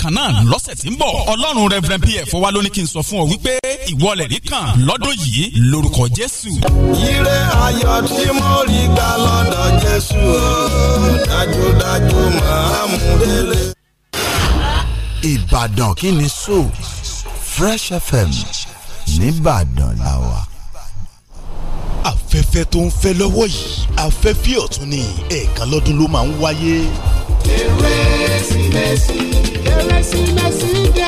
kan náà lọ́sẹ̀ tí ń bọ̀ ọlọ́run reverend pf wa ló kí n sọ fún ọ wípé ìwọ rí kan lọ́dún yìí lórúkọ jésù. ire ayọ̀ tí mo rí gbà lọ́dọ̀ jésù dájúdájú máa mú délé. ìbàdàn kí ni so fresh fm nìbàdàn la wà. afẹ́fẹ́ tó ń fẹ́ lọ́wọ́ yìí afẹ́fẹ́ ọ̀tun ni ẹ̀ẹ̀kan lọ́dún ló máa ń wáyé Kérésìmesì Kérésìmesì dé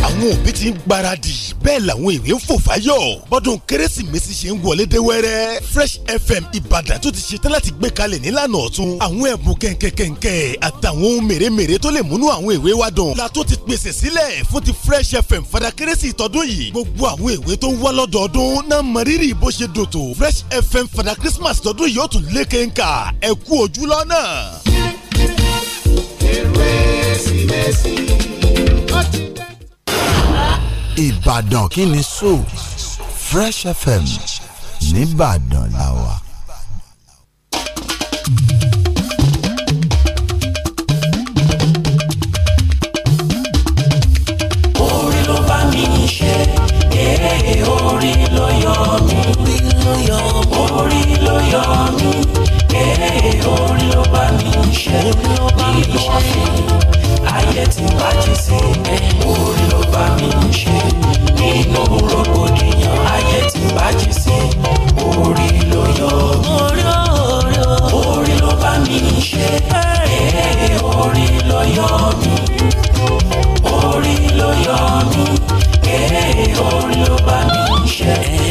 àwọn òbí ti ń gbáradì bẹ́ẹ̀ làwọn èwe ń fò fáyọ̀ bọ́dún kérésìmesì ṣe ń wọlé dé wẹ́rẹ́ Fresh FM Ìbàdàn tó ti ṣetán láti gbé kalẹ̀ nílànà ọ̀tun àwọn ẹ̀bùn kẹ̀kẹ̀kẹ̀kẹ̀ àtàwọn ohun mèremère tó lè múnú àwọn èwe wa dùn la tó ti pèsè sílẹ̀ fún ti Fresh FM fada kérésì tọdún yìí gbogbo àwọn èwe tó ń wá lọ́dọọdún náà mọ rírì bó ṣe dùn tó Fresh FM fada Christmas tọdún yìí ó tún lé kéńkà ẹ kú ojú kérésìmesì Ìbàdàn kí ni so Fresh FM nìbàdàn la wà. orí ló bá mi ṣe èé eh, orí ló yọ mí orí ló yọ mí ee orí ló bá mi ṣe nínú ọ̀fìn ayé tí bájí sí orí ló bá mi ṣe nínú rògbòdìyàn ayé tí bájí sí orí ló yọ orí ló bá mi ṣe ee orí ló yọ mí orí ló yọ mí ee orí ló bá mi ṣe.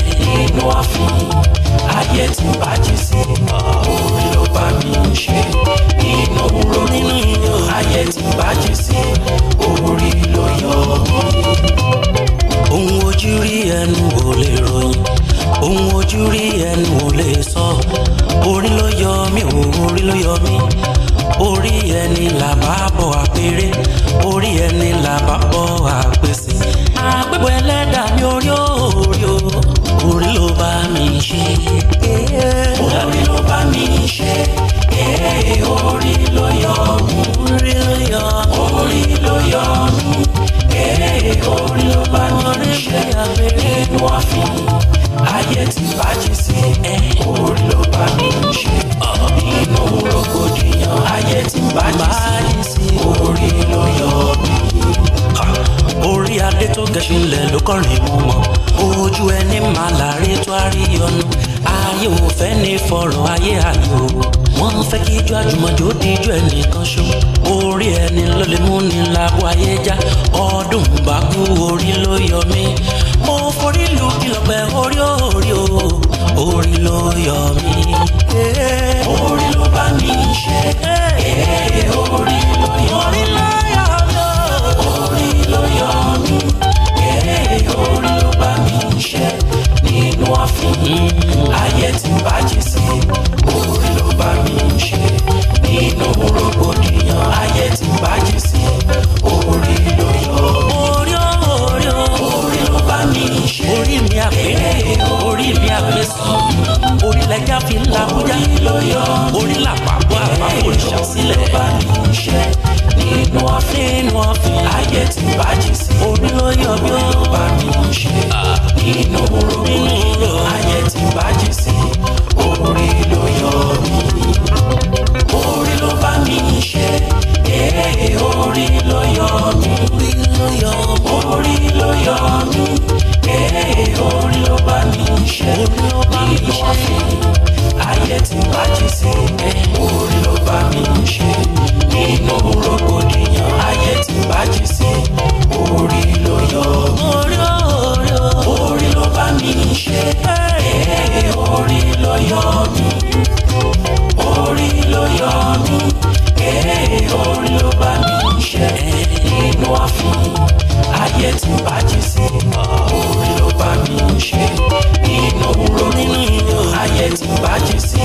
wọ́n fi wọ́n fi ayé ti bàjẹ́ sí orí ló yọ bí ó bá mi ṣe nínú rògbòdì ayé ti bàjẹ́ sí orí ló yọ mí orí ló bá mi ṣe ee orí ló yọ mí orí ló yọ mí ee orí ló bá mi ṣe nínú rògbòdì ayé ti bàjẹ́ sí orí ló bá mi ṣe. orí ló bá mi ṣe inú àfún ayé tí bàjẹ́ sí orí ló bá mi ṣe inú òwúrọ̀ nínú ayé tí bàjẹ́ sí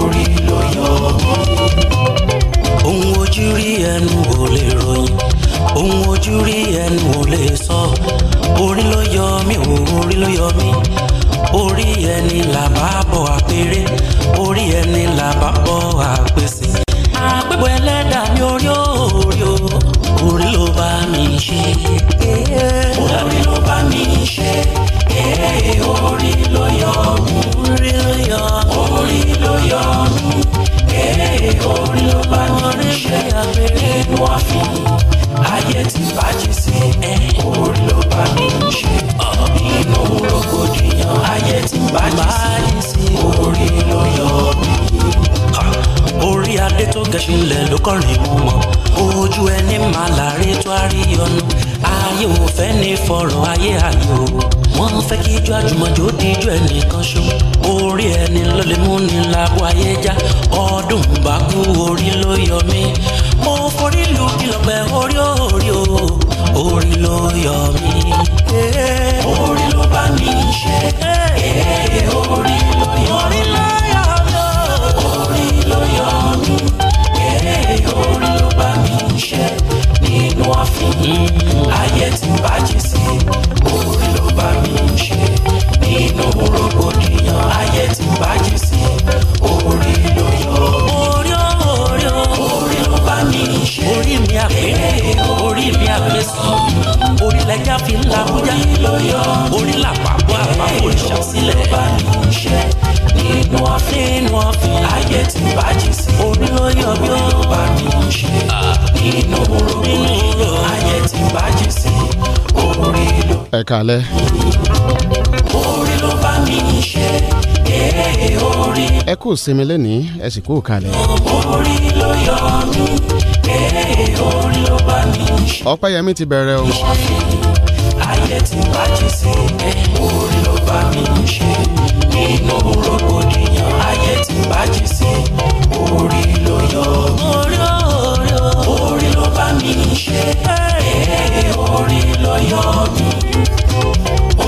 orí ló yọ. ohun ojú rí ẹnu ò lè ròyìn ohun ojú rí ẹnu ò lè sọ orí ló yọ mí orí ló yọ mí orí ẹni là bá bọ àpèrè orí ẹni là bá bọ àpèsè. mi ṣe orí ló bá mi ṣe orí ló yọ orí ló yọ orí ló yọ orí ló bá mi ṣe nínú ọ̀fun ayé ti bàjẹ́ sí orí ló bá mi ṣe nínú rògbòdìyàn ayé ti bàjẹ́ sí orí ló yọ mí orí adé tó gẹṣin lẹ̀ ló kọrin mú mọ́ ojú ẹni máa láre tó àríyànnú ayé ò fẹ́ ní fọ̀rọ̀ ayé ayò wọ́n fẹ́ kí ijó àjùmọ̀jò díjú ẹnìkan ṣó orí ẹni ló lè mú ni lábọ ayé já ọdún bá kú orí ló yọ mí mo forí lu kìlọ̀pẹ̀ orí orí o orí ló yọ mí orí ló bá mi ṣe orí ló yọ mí ló yọ mí eré orí ló mi ṣe nínú ààfin ayé tí ń bàjẹ́ sí orí ló bá mi ṣe nínú rògbòdìyàn ayé tí ń bàjẹ́ sí orí ló yọ mí orí ló bá mi ṣe eré orí mi àgbẹ̀sán orílẹ̀-èdè fi ń làbújá orí làpapọ̀ àpapọ̀ ìṣàsílẹ̀ bá ọ̀fìn nínú ọ̀fìn ayé ti bàjẹ́ sí orí ló yọ bí ó bá ní ń ṣe nínú orogún ayé ti bàjẹ́ sí orí ló. ẹ kalẹ. orí ló bá mi ń ṣe ẹ kú sinmi lẹ́ni ẹ sì kú kalẹ̀. orí ló yọ mí orí ló bá mi. ọpẹ́yẹmí ti bẹ̀rẹ̀ o. ayé ti bájú sí orí ló bá mi ṣe nínú rògbòdìyàn ayé ti bájú sí orí ló yọ mí orí ló bá mi ṣe orí ló yọ mí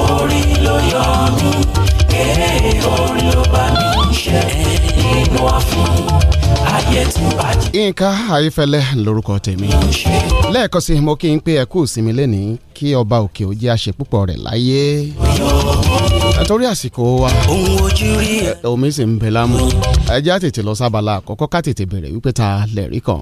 orí ló yọ mí ee orí ló mi ṣe inú àfún ayé ti bàjẹ́. Yínká Ayífẹ́lẹ́ lórúkọ tèmi lẹ́ẹ̀kan sí mo kí n pé ẹ kú ìsinmi lẹ́nìí kí ọba òkè òjì àṣepúpọ̀ rẹ̀ láyé torí àsìkò wa omi sì ń bẹ lámú ẹjẹ́ àtètè lọ sábàlá àkọ́kọ́ ká tètè bẹ̀rẹ̀ wípé ta lẹ̀rí kan.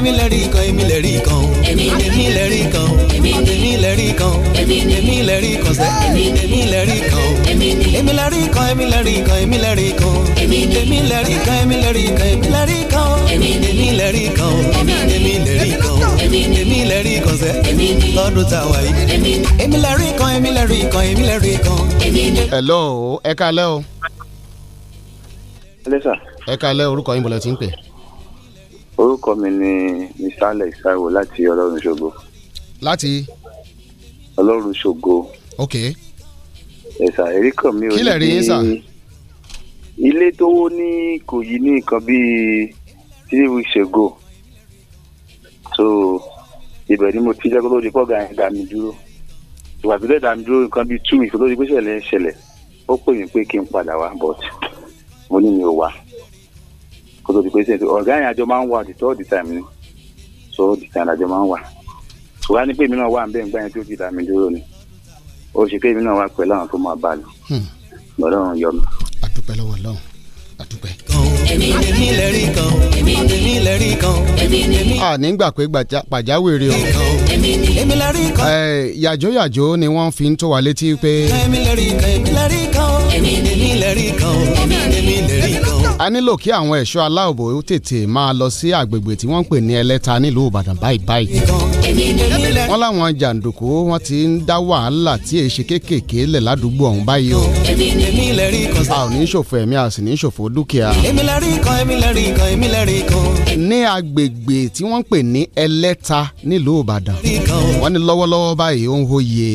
èmi lè rí kan èmi lè kan èmi lè kan èmi lè kan èmi lè kan èmi lè kan èmi lè kan èmi lè kan èmi lè kan èmi lè kan èmi lè kan èmi lè kan èmi lè kan èmi lè kan èmi lè kan sẹ́ lọ́dún tá a wà yìí èmi lè kan èmi lè kan èmi lè kan. hello ẹ kalẹ́ o. ẹ kalẹ́ orúkọ yín bọ̀lẹ̀ tí ń pè é orúkọ mi ni mr alex taiwo láti ọlọ́run ṣògo. láti. ọlọ́run ṣògo. ok. ẹ̀sà èrí kan mi ò ní. kílẹ̀ rí yín sà. ilé tó wó ní Ìkòyí ní nǹkan bíi three weeks ago so ibẹ̀ ni mo ti jẹ́ kó lórí pọ́gà yẹn dá mi dúró ìwà tó dẹ̀ dá mi dúró nǹkan bíi two weeks lórí pé ṣẹlẹ̀ ń ṣẹlẹ̀ ó pè mí pé kí n padà wá but mo ní mi ò wá kó tó di pé sẹ́yìn ọ̀gá yẹn àjọ máa ń wà the third time ni so the time àjọ máa ń wà ṣùgbọ́n ní pé èmi náà wà ń bẹ́ẹ̀ ń gbá yẹn tó ti dá mi dúró ni ó ṣe pé èmi náà wà pẹ̀lú àwọn tó máa bá lò lọ́dọ̀ hmm. yọ mi. àdúpẹ́ lọ́wọ́ lọ́hùn àdúpẹ́. èmi lè rí kan èmi lè rí kan èmi lè rí kan. a nígbà pé pàjáwìrì o. èmi lè rí kan. yàjó yàjó ni wọ́n fi ń tó wa létí pé. èmi lè rí kan èmi lè rí kan èmi lè rí kan a nílò kí àwọn ẹ̀ṣọ́ aláàbò tètè máa lọ sí àgbègbè tí wọ́n ń pè ní ẹlẹ́ta nílùú ìbàdàn báyìí báyìí. wọ́n láwọn jàǹdùkú wọ́n ti ń dá wàhálà tí èyí ṣe kéékèèké lẹ̀ ládùúgbò ọ̀hún báyìí o. a ò ní ṣòfò ẹ̀mí a sì ní ṣòfò dúkìá. ní àgbègbè tí wọ́n ń pè ní ẹlẹ́ta nílùú ìbàdàn wọ́n ní lọ́wọ́lọ́wọ́ báyìí ó ń hóye.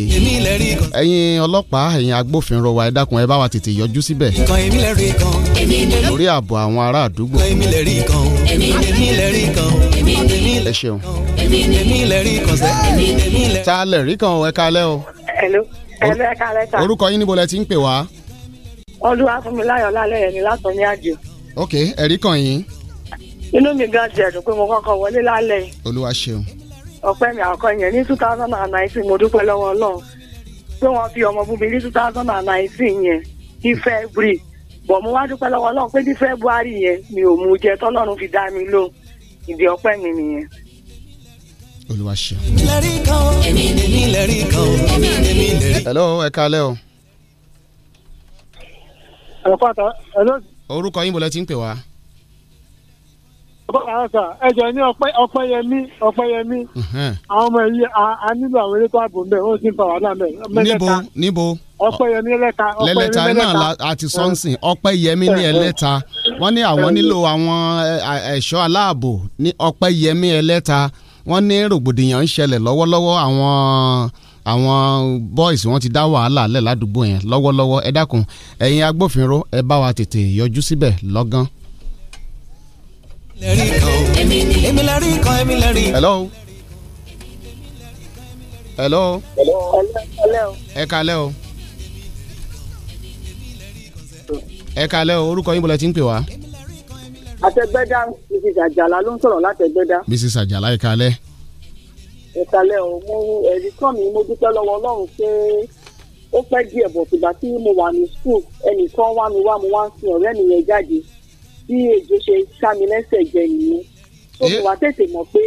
ẹ̀yin ọlọ́pàá ẹ̀yin agbófinró wa ẹ dákun ẹ bá wa tètè yọjú síbẹ̀ lórí ààbò àwọn ará àdúgbò. èmi lè rí kan èmi lè rí kan ẹ ṣeun. èmi lè rí kan sẹ́. ta lè rí kan ẹ kalẹ́ o. hello hello ẹ kalẹ́ ta. orúkọ yín níbo lẹ ti ń pè wá. olúwafúnmiláyọ̀ lálẹ́ yẹn ni látọ̀ ní àjò. ok ẹ̀rí kan yín. inú mi gan ti ẹ̀dùn pé mo kọ́kọ́ wọlé lálẹ́ yìí. olúwa ṣeun. ọpẹ́ mi àkọ́kọ́ yẹn ní two thousand and nineteen mo dúpẹ́ lọ́wọ́ ọlọ́run pé wọ́n fi ọmọ bùnmi ní two thousand and nineteen yẹn ní february bọ̀ mo wá dúpẹ́ lọ́wọ́ ọlọ́run pé ní february yẹn mi ò mú jẹ tọ́lọ́run fi dá mi lóhùn ìdí ọpẹ́ mi nìyẹn. olúwa ṣe. hello ẹ kalẹ o. orúkọ yín bọ̀lẹ́ tí ń pè wá ẹjọ ní ọpẹyẹmí ọpẹyẹmí àwọn ọmọ yìí a nílò àwọn elétò ààbò ń bẹ wọn sì ń fa wàhálà mẹ. níbo níbo ọpẹyẹmí ẹlẹta lẹlẹta náà àti sọnsìn ọpẹyẹmí ní ẹlẹta wọn ní àwọn nílò àwọn ẹ̀ṣọ́ aláàbò ní ọpẹyẹmí ẹlẹta wọn ní rògbòdìyàn ń ṣẹlẹ̀ lọ́wọ́lọ́wọ́ àwọn àwọn boys wọn ti dá wàhálà lẹ ládùúgbò yẹn lọ́wọ́lọ́wọ́ ẹ dákun ẹ̀yin agbófinró ẹ bá wa tètè yọjú síbẹ̀ lọ́gán èmi lè rí nǹkan èmi lè rí. hello. hello. ẹ kalẹ́ o. ẹ kalẹ́ o orúkọ yín bọ̀lẹ̀ tí ń pè wá. àtẹgbẹ́dá mrs àjàlá ló ń sọ̀rọ̀ látẹgbẹ́dá. mrs àjàlá ẹ kalẹ́. ẹ kalẹ́ o mo ẹ̀rí kàn mí mo dúpẹ́ lọ́wọ́ ọlọ́run pé ó pẹ́ díẹ̀ bọ̀ fìgbà tí mo wà ní school ẹnìkan wá mi wá mo wá ń sin ọ̀rẹ́ mi yẹn jáde bí ejò ṣe ká mi lẹ́sẹ̀ jẹ nìyẹn tó fi wá tètè mọ̀ pé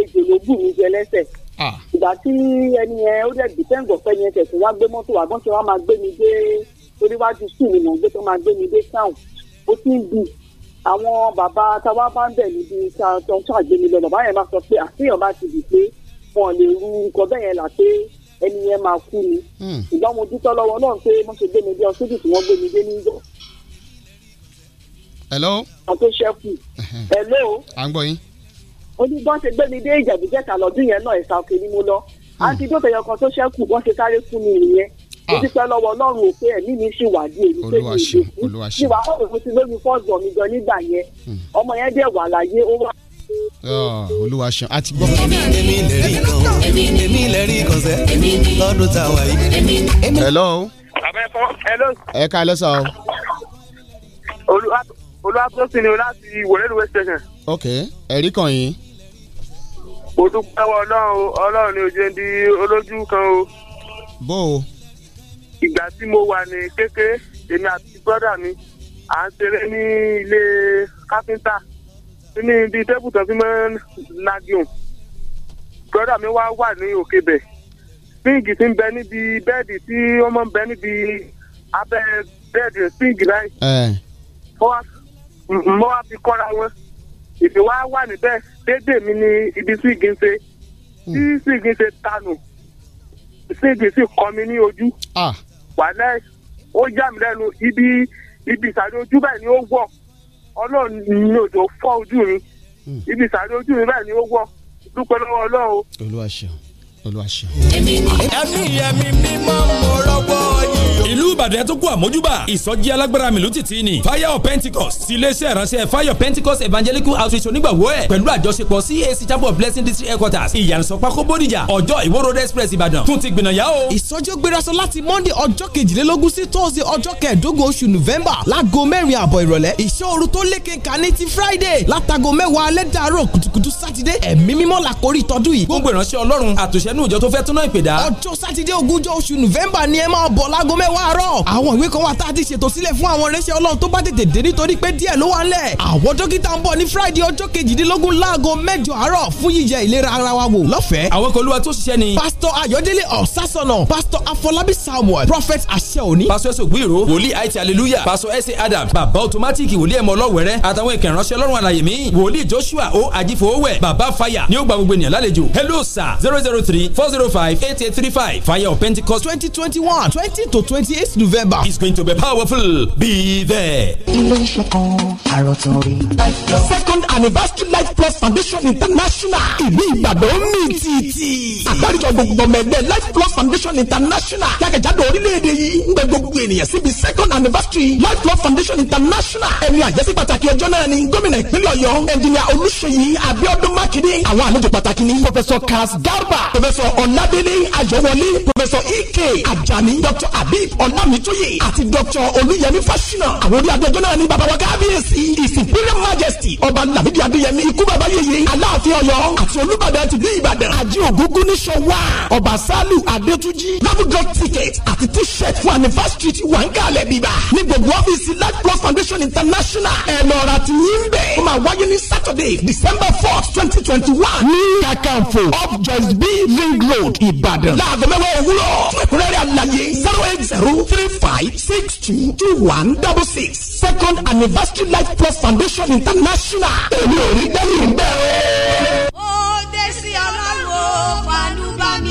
ejò ló bù mí jẹ lẹ́sẹ̀ ah. ìgbà tí ẹni yẹn ó dẹ̀ dìtẹ́ǹgọ̀ fẹ́ yẹn tẹ̀sán wá gbé mọ́tò àgbọ̀n tí wọ́n máa gbé mi dé oníwájú sùn ni mò ń gbé tó máa gbé mi dé town ó ti ń bì àwọn bàbá táwa bá ń bẹ̀ níbi tó ń ṣàgbé mi lọ bàbá yẹn máa sọ pé àfihàn ah, bá ti dì pé wọn lè ru nǹkan bẹ́ẹ̀ yẹn là pé ẹni yẹn máa kú ni ìgbà hmm. mo dúpẹ́ lọ́wọ́ náà pé mo ṣe gbé mi dé ọsídìí tí gbé mi dé níjọ́ hello. àti sẹ́kù. hello. à ń gbọ́ yín. ó ní bọ́n ṣe gbé mi dé ìjàdùjẹ́ta lọ́dún yẹn náà ẹ̀ka òkè ni mo lọ. antidote hmm. yẹn kan tó ṣẹ́kù wọ́n ṣe sáré fún mi nìyẹn. ó ti pẹ́ lọ́wọ́ ọlọ́run ò pé ẹ̀mí mi ṣì wà di èmi pé mi ìdè fún mi wà ọ̀rọ̀ mo ti lóyún fọ́ọ̀sì ọ̀mí gan nígbà yẹn hmm. ọmọ yẹn dẹ̀ wà láyé ó wà ah, olúwa ṣan àti gbọ́. èmi lè rí kan èmi lè rí kan sẹ́ lọ́dún tá a wà yìí. hello. ẹ ká ẹ lọ́sàn-án olùwàtòsí ni o láti ìwòrẹ́ ìlú west ok ẹ̀rí kan yín. mo dúpẹ́ wọ ọlọ́run ọlọ́run ni òjò ń di olójú kan o. bó o. ìgbà tí mo wà ní kékeré èmi àti brọ́dà mi à ń ṣeré ní ilé káfíńtà ní ibi tẹ́bù tó fi mọ́ nagion brọ́dà mi wá wà ní òkè bẹ̀ spíǹgì ti ń bẹ níbi bẹ́ẹ̀dì tí wọ́n máa ń bẹ níbi abẹ́ bẹ́ẹ̀dì spíǹgì báyìí. wọ́n wá mo wá fi kọ́ra wọn ìbí wa wà níbẹ̀ dédè mi ní ibi tí igi ń ṣe hmm. tí sì igi ń ṣe tanù sí igi sì kọ́ mi ní ojú ah. wàlẹ́ ó yà mí lẹ́nu ibi ibi ìsàlẹ̀ ojú báyìí ni ó wọ̀ ọlọ́run ní òjò fọ́ ojú mi hmm. ibi ìsàlẹ̀ ojú mi báyìí ni ó wọ̀ dúpẹ́ lọ́wọ́ ọlọ́run. olúwa ṣeun pẹ̀lú àṣẹ. ẹ̀mí ẹ̀mí mímọ́ mo rọ́gbọ́ yìí. ìlú ìbàdàn tó kú àmójúbà ìsọjí alágbára mi ló ti ti ni fire of pentecost ti iléeṣẹ́ ìránṣẹ́ fire of pentecost evangelical outreach onígbàwọ́ ẹ̀ pẹ̀lú àjọṣepọ̀ cac chapel of blessing district headquarters ìyànsọ́pákó bódìjà ọjọ́ ìwó road express ìbàdàn tún ti gbìnàyà o. ìsọjí ó gbéraṣọ láti monday ọjọ́ kejìlélógún sí tuesday ọjọ́ kẹẹ̀dógún oṣù november láago mẹ́rin àbọ̀ ìrọ̀lẹ́ ìṣòro tó lékenkà ní ti friday látago mẹ́wàá alẹ́ dàárọ̀ kùtùkùtù sátidé ẹ̀mí mímọ́ làkórí tọdún yìí. gbogbo ìránṣẹ́ ọlọ́run àtòṣẹ́ nínú ìjọ tó fẹ́ túná ìpè dá. ọjọ́ sátidé ogúnjọ́ oṣù november ni ẹ máa bọ̀ láago mẹ́wàá àárọ̀. àwọn ìwé kan wà tá a ti ṣètò sílẹ̀ fún àwọn irinṣẹ́ ọlọ́run tó bá tètè dé nítorí pé díẹ̀ ló wà ńlẹ̀. àwọn dókítà ń bọ̀ ní friday ọjọ́ kejìdínlógún láago mẹ́jọ àárọ̀ fún yíyẹ ìlera ara wa wò lọ́fẹ̀ẹ́. àwọn kan tó ṣiṣẹ́ ni. pásítọ̀ ayọ̀délé ọ̀sásọ̀nà pásítọ̀ afọlábí four zero five eight eight three five fire of pentecost twenty twenty one twenty to twenty eight november is going to be powerful be there. ilé kan àròtún rí. second anniversary life plus foundation international ìlú ìbàdàn mi tìtì. àgbáríjọ gbogbo ọmọ life plus foundation international jákèjádò orílẹ̀-èdè yìí ń gbẹ gbogbo ènìyàn síbi second anniversary life plus foundation international ẹni àjẹsí pàtàkì ọjọ́ náà ni gómìnà ìpínlẹ̀ ọ̀yọ́ ẹnjìnìà olùṣèyí abiodun makinde àwọn àlejò pàtàkì ni professor kaz garba professor ọ̀làdélé ayọ̀wọlé professor ike ajani doctor abib ọ̀làmítúyè àti doctor olúyẹmí fáṣínà àwọn orí adájọ́ náà ní baba wa kábíyèsí his imperial majesty ọba lamidi adéyẹmí ikú baba yèyé aláàfin ọ̀yọ́ àti olúbàdàn ti bí ìbàdàn àjẹ ògúngún ní sọwá ọba sálù adétúnjì labudrug ticket àti t-shirt fún anniversary ti wà ń kalẹ̀ bíbá ní gbogbo ọ́fíìsì light plus foundation international ẹ̀ lọ́ra ti yín bẹ́ẹ̀ ó máa wáyé ní saturday december 4 twenty twenty one ní kàkànfò up just be ring road ìbàdàn. láago mẹ́wàá òwúrọ̀ fún ẹ̀kúnrẹ́rẹ́ àlàyé zero eight zero three five six two two one double six second anniversary life plus foundation international. èmi ò rí dẹ́rù bẹ́ẹ̀. ó dé sí ọlọ́run ó pàdú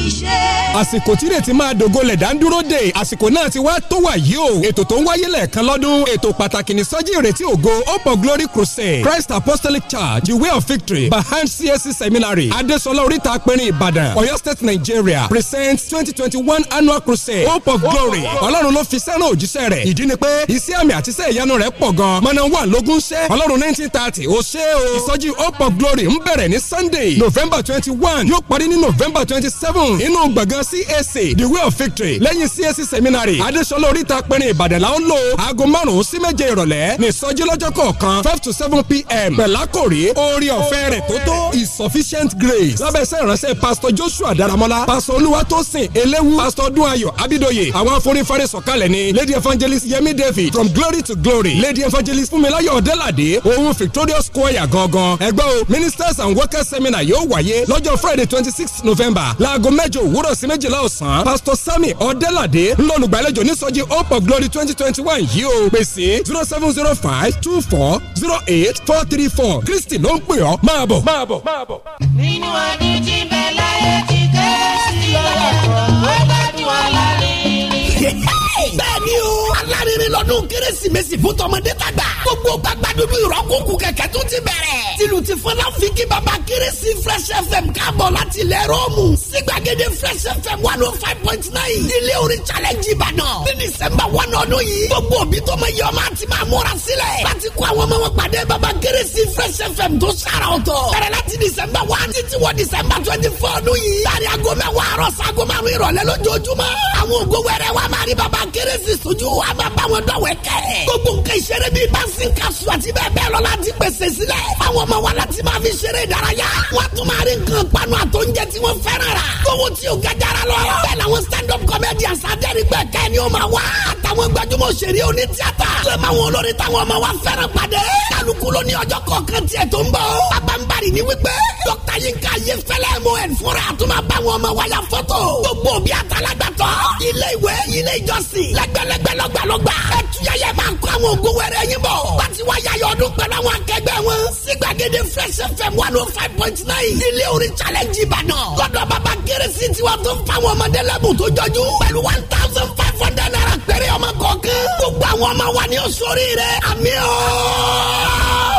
ṣiṣẹ́. àsìkò tírètí máa dògolẹ̀ dáńdúró dé àsìkò náà ti wá tó wà yìí o ètò tó ń wáyé lẹ́ẹ̀kan lọ́dún ètò pàtàkì ní sọ́jí ìrètí ògo hope of glory crusade christ apostolic church the way of victory behind csc seminary adesola oríta apẹ̀rin ìbàdàn Oyo state nigeria presents twenty twenty one annual crusade hope of glory ọlọ́run ló fi sẹ́ràn òjíṣẹ́ rẹ̀ ìdí ni pé iṣẹ́ àmì àti iṣẹ́ ìyanu rẹ̀ pọ̀ gan mọ̀nà wà lógún ṣẹ́ ọlọ́run nineteen thirty ó ṣe o ìsọjí hope of glory ń bẹ̀rẹ̀ ní sunday november twenty one yóò parí ní november twenty seven seven inú gbọ̀ngàn CAC the way of victory lẹ́yìn CAC seminary adesola oríta pẹ̀rin ìbàdàn la ó lò aago márùn-ún sí méje ìrọ̀lẹ́ ní ìsọjí lọ́jọ́ kọ̀ọ̀kan five to seven pm pẹ̀lákòrí orí ọ̀fẹ́ rẹ̀ tó tó is sufficient grace lábẹ́sẹ̀ ìránṣẹ́ pastor joshua daramola pastor olúwatósìn eléwu pastor dunayọ̀ abidoye àwọn aforífarí sọ̀kalẹ̀ ni lady evangelist yemi david from glory to glory lady evangelist fúnmiláyọ̀ ọ̀dẹ́làdé òun victorious choir gangan ẹgbẹ́ o ministers and workers seminar yóò wáyé lọ́jọ́ friday twenty six november láago mẹ́ mẹ́jọ òwúrọ̀ sí méjìlá ọ̀sán pásítọ̀ sami ọ̀dẹ́làdé ńlọ́lùgbàlejò nísọjí hope of glory twenty twenty one yìí o pèsè zero seven zero five two four zero eight four three four kristi ló ń pè ọ́ máa bọ̀. nínú ọdún tí bẹ́ẹ̀ láyé ti kérésì lọ́yà tó ọgbẹ́ tí wọ́n lálẹ́ rí bẹ́ẹ̀ ni o. alárinrin lọ́dún kérésìmesì fún tọmọdé tàgbà. gbogbo gbàgbádùn ìrọ́kùnkùn kẹ̀kẹ́ tún ti bẹ̀rẹ̀. tìlù ti fọlá fi kí baba kérésì fresh fm káàbọ̀ láti ilẹ̀ rọ́ọ̀mù. sí gbàgede fresh fm one oh five point nine. ilé orin challenge ìbàdàn. ní december one ọdún yìí. gbogbo òbí tó mọ iye ọmọ àti máa múra sílẹ̀. láti kó àwọn ọmọ wọn pàdé baba kérésì fresh fm tó sára ọ̀tọ̀. bẹ̀rẹ̀ láti december one títí wọ december twenty four ọdún yìí. láàrin aago mẹ́wàá àárọ̀ sago márùn-ún ìrọ̀lẹ́ lójoojúmọ́. wa máa baba kérésì eré sísojú wa máa bá wọn dọ̀wẹ́ kẹ́. gbogbo nǹkan ìṣeré bíi báńsì kaṣu àti bẹ́ẹ̀ bẹ́ẹ̀ lọ láti pèsè sílẹ̀. àwọn ọmọ wa láti máa fi ṣeré ìdárayá. wọ́n tún máa rí nǹkan panu àtọ́njẹ tí wọ́n fẹ́ràn rà. gbogbo tí o gajara lọ. bẹ́ẹ̀ làwọn stand up comedians adẹ́rìgbẹ́ kẹ́ ni ó máa wá. àtàwọn gbajúmọ̀ òṣèré oní tíátà. sọ́mọ́ àwọn táwọn ọmọ wa fẹ́ràn pàdé. kálukú ilé ìwé ilé ìjọsìn lẹgbẹlẹgbẹ lọgbàlọgbà. ẹtúyẹyẹ máa ń kó àwọn ògo wẹrẹ yín bọ̀. láti wá yayọ ọdún pẹ̀lú àwọn akẹgbẹ́ wọn. sígbàgede fresh fm one oh five point nine. nílé orin challenge ìbàdàn. lọ́dọ̀ bàbá kérésì tiwa tó ń fa àwọn ọmọdé lẹ́bùn tó jọjú. pẹ̀lú one thousand five hundred naira péré ọmọ kọ̀ọ̀kan. gbogbo àwọn ọmọ wa ni ó sórí rẹ̀. àmín o.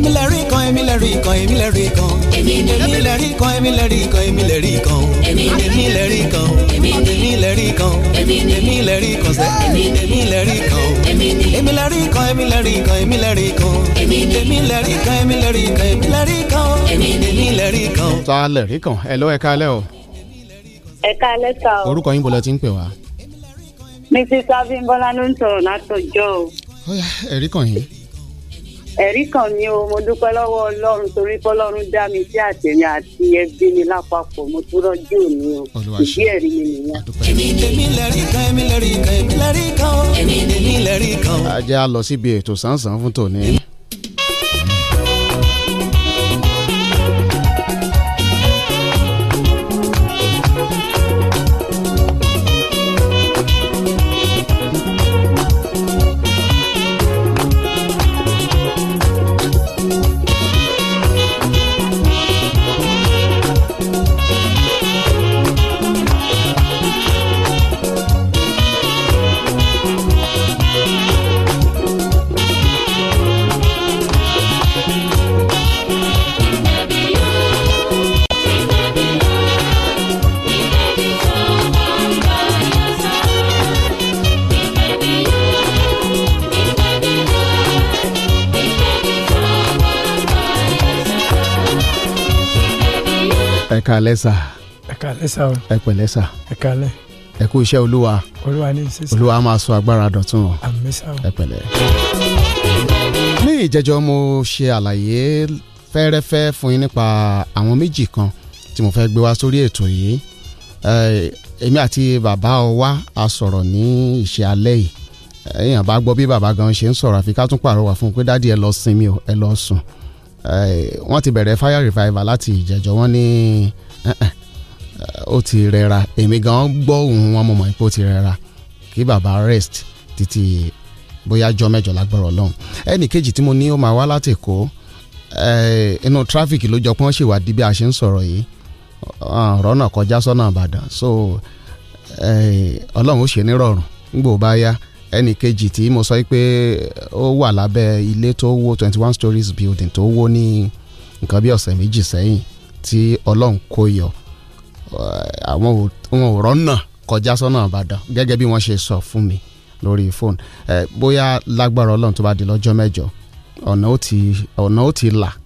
èmi lè rí kan èmi lè rí kan èmi lè rí kan èmi lè rí kan èmi lè rí kan èmi lè rí kan èmi lè rí kan èmi lè rí kan èmi lè rí kan sẹ èmi lè rí kan èmi lè rí kan èmi lè rí kan èmi lè rí kan èmi lè rí kan èmi lè rí kan èmi lè rí kan èmi lè rí kan. ta lè rí kan ẹ lọ ẹ ká o. ẹ ká lẹ o. orúkọ yín bọ́lá ti ń pè wá. mrs abimbola ló ń sọ̀rọ̀ látọjọ́ o. ó yá ẹ̀rí kan yìí ẹ̀rí kan ni o mo dúpẹ́ lọ́wọ́ ọlọ́run torí kọ́lọ́run dá mi sí àtẹ̀yìn àti ẹbí mi lápapọ̀ mo tún rọ́jú mi o ìdí ẹ̀rí mi nìyẹn. èmi lẹ́rìí kan èmi lẹ́rìí kan èmi lẹ́rìí kan èmi lẹ́rìí kan. ajá lọ síbi ètò sánsán fún tòní. kalẹ̀ sà. ẹ kalẹ̀ sà o. ẹ pẹ̀lẹ́ sà. ẹ kalẹ̀. ẹ kú iṣẹ́ olúwa. olúwa ní iṣẹ́ sà. olúwa máa sọ agbára dọ̀tun o. àmín sà o. ẹ pẹ̀lẹ́. ní ìjẹ́jọ́ mo ṣe àlàyé fẹ́rẹ́fẹ́ fún yín nípa àwọn méjì kan tí mo fẹ́ gbé wá sórí ètò yìí èmi àti bàbá ọwá a sọ̀rọ̀ ní ìṣe alẹ́ yìí èèyàn bá gbọ́ bí bàbá gan ṣe ń sọ̀rọ̀ àfi ká tún pàrọwà fún un pé dádì ẹ lọ sinmi o ẹ lọ sùn Eh, wọ́n ti bẹ̀rẹ̀ fire revival láti ìjẹ̀jọ́ wọ́n ní eh, eh, ó ti rẹra èmi gan gbọ́ ohun wọn mo mọ̀ pé ó ti rẹra kí bàbá rest títí bóyá jọ mẹ́jọ lágbọ̀rọ̀ lọ́hùn ẹnì kejì tí mo ní ó máa wá láti kó inú traffic ló jọ pé wọ́n ṣèwádìí bí a ṣe ń sọ̀rọ̀ yìí ọ̀rọ̀ náà kọjá sọ́nà Ìbàdàn so ọlọ́run ó ṣe nírọ̀rùn nígbò bá yá ẹnì kejì tí mo sọ pé ó wà lábẹ́ ilé tó wó twenty one stories building tó wó ní nǹkan bí ọ̀sẹ̀ méjì sẹ́yìn tí ọlọ́run kó yọ àwọn òrọ̀ náà kọjá sọ́nà Ìbàdàn gẹ́gẹ́ bí wọ́n ṣe sọ fún mi lórí fóònù ẹ bóyá lágbára ọlọ́run tó bá di lọ́jọ́ mẹ́jọ ọ̀nà ó ti ọ̀nà ó ti là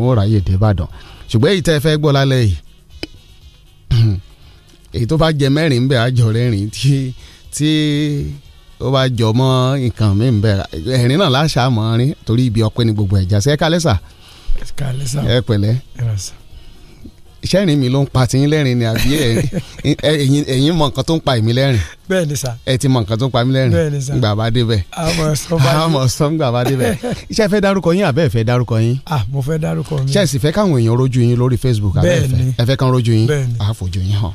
wọ́n ráyè dé Ìbàdàn ṣùgbọ́n èyí tẹ́ ẹ fẹ́ gbọ́ lálẹ́ yìí èyí tó bá jẹ mẹ́rin ń àjọ rẹ́rìn tí tí tó bá jọ mọ́ nǹkan mi ń bẹ̀rẹ̀ ẹ̀rín náà láṣà mọ́ rin torí ibi ọpẹ́ ni gbogbo ẹ̀já sí ẹ kálẹ́ sà. ẹ kálẹ́ sà. mi ló ń pa tiyín lẹ́rìn ni àbí ẹ̀yin ẹ̀yin mọ nǹkan tó ń pa èmi lẹ́rìn. bẹ́ẹ̀ ni sà. ẹ ti mọ nǹkan tó ń pa mí lẹ́rìn. bẹ́ẹ̀ ni sà. gbà bá débẹ̀. àmọ̀ sọ́n gbà bá débẹ̀. iṣẹ́ fẹ́ dárúkọ yín àbẹ́ fẹ́ dárúkọ yín. ah mo fẹ́ dárúkọ mi. ṣẹ́ẹ̀sì fẹ́ káwọn èèyàn rojú yín lórí Facebook àbẹ́ fẹ́ ẹ fẹ́ kán rojú yín àfojú yín hàn.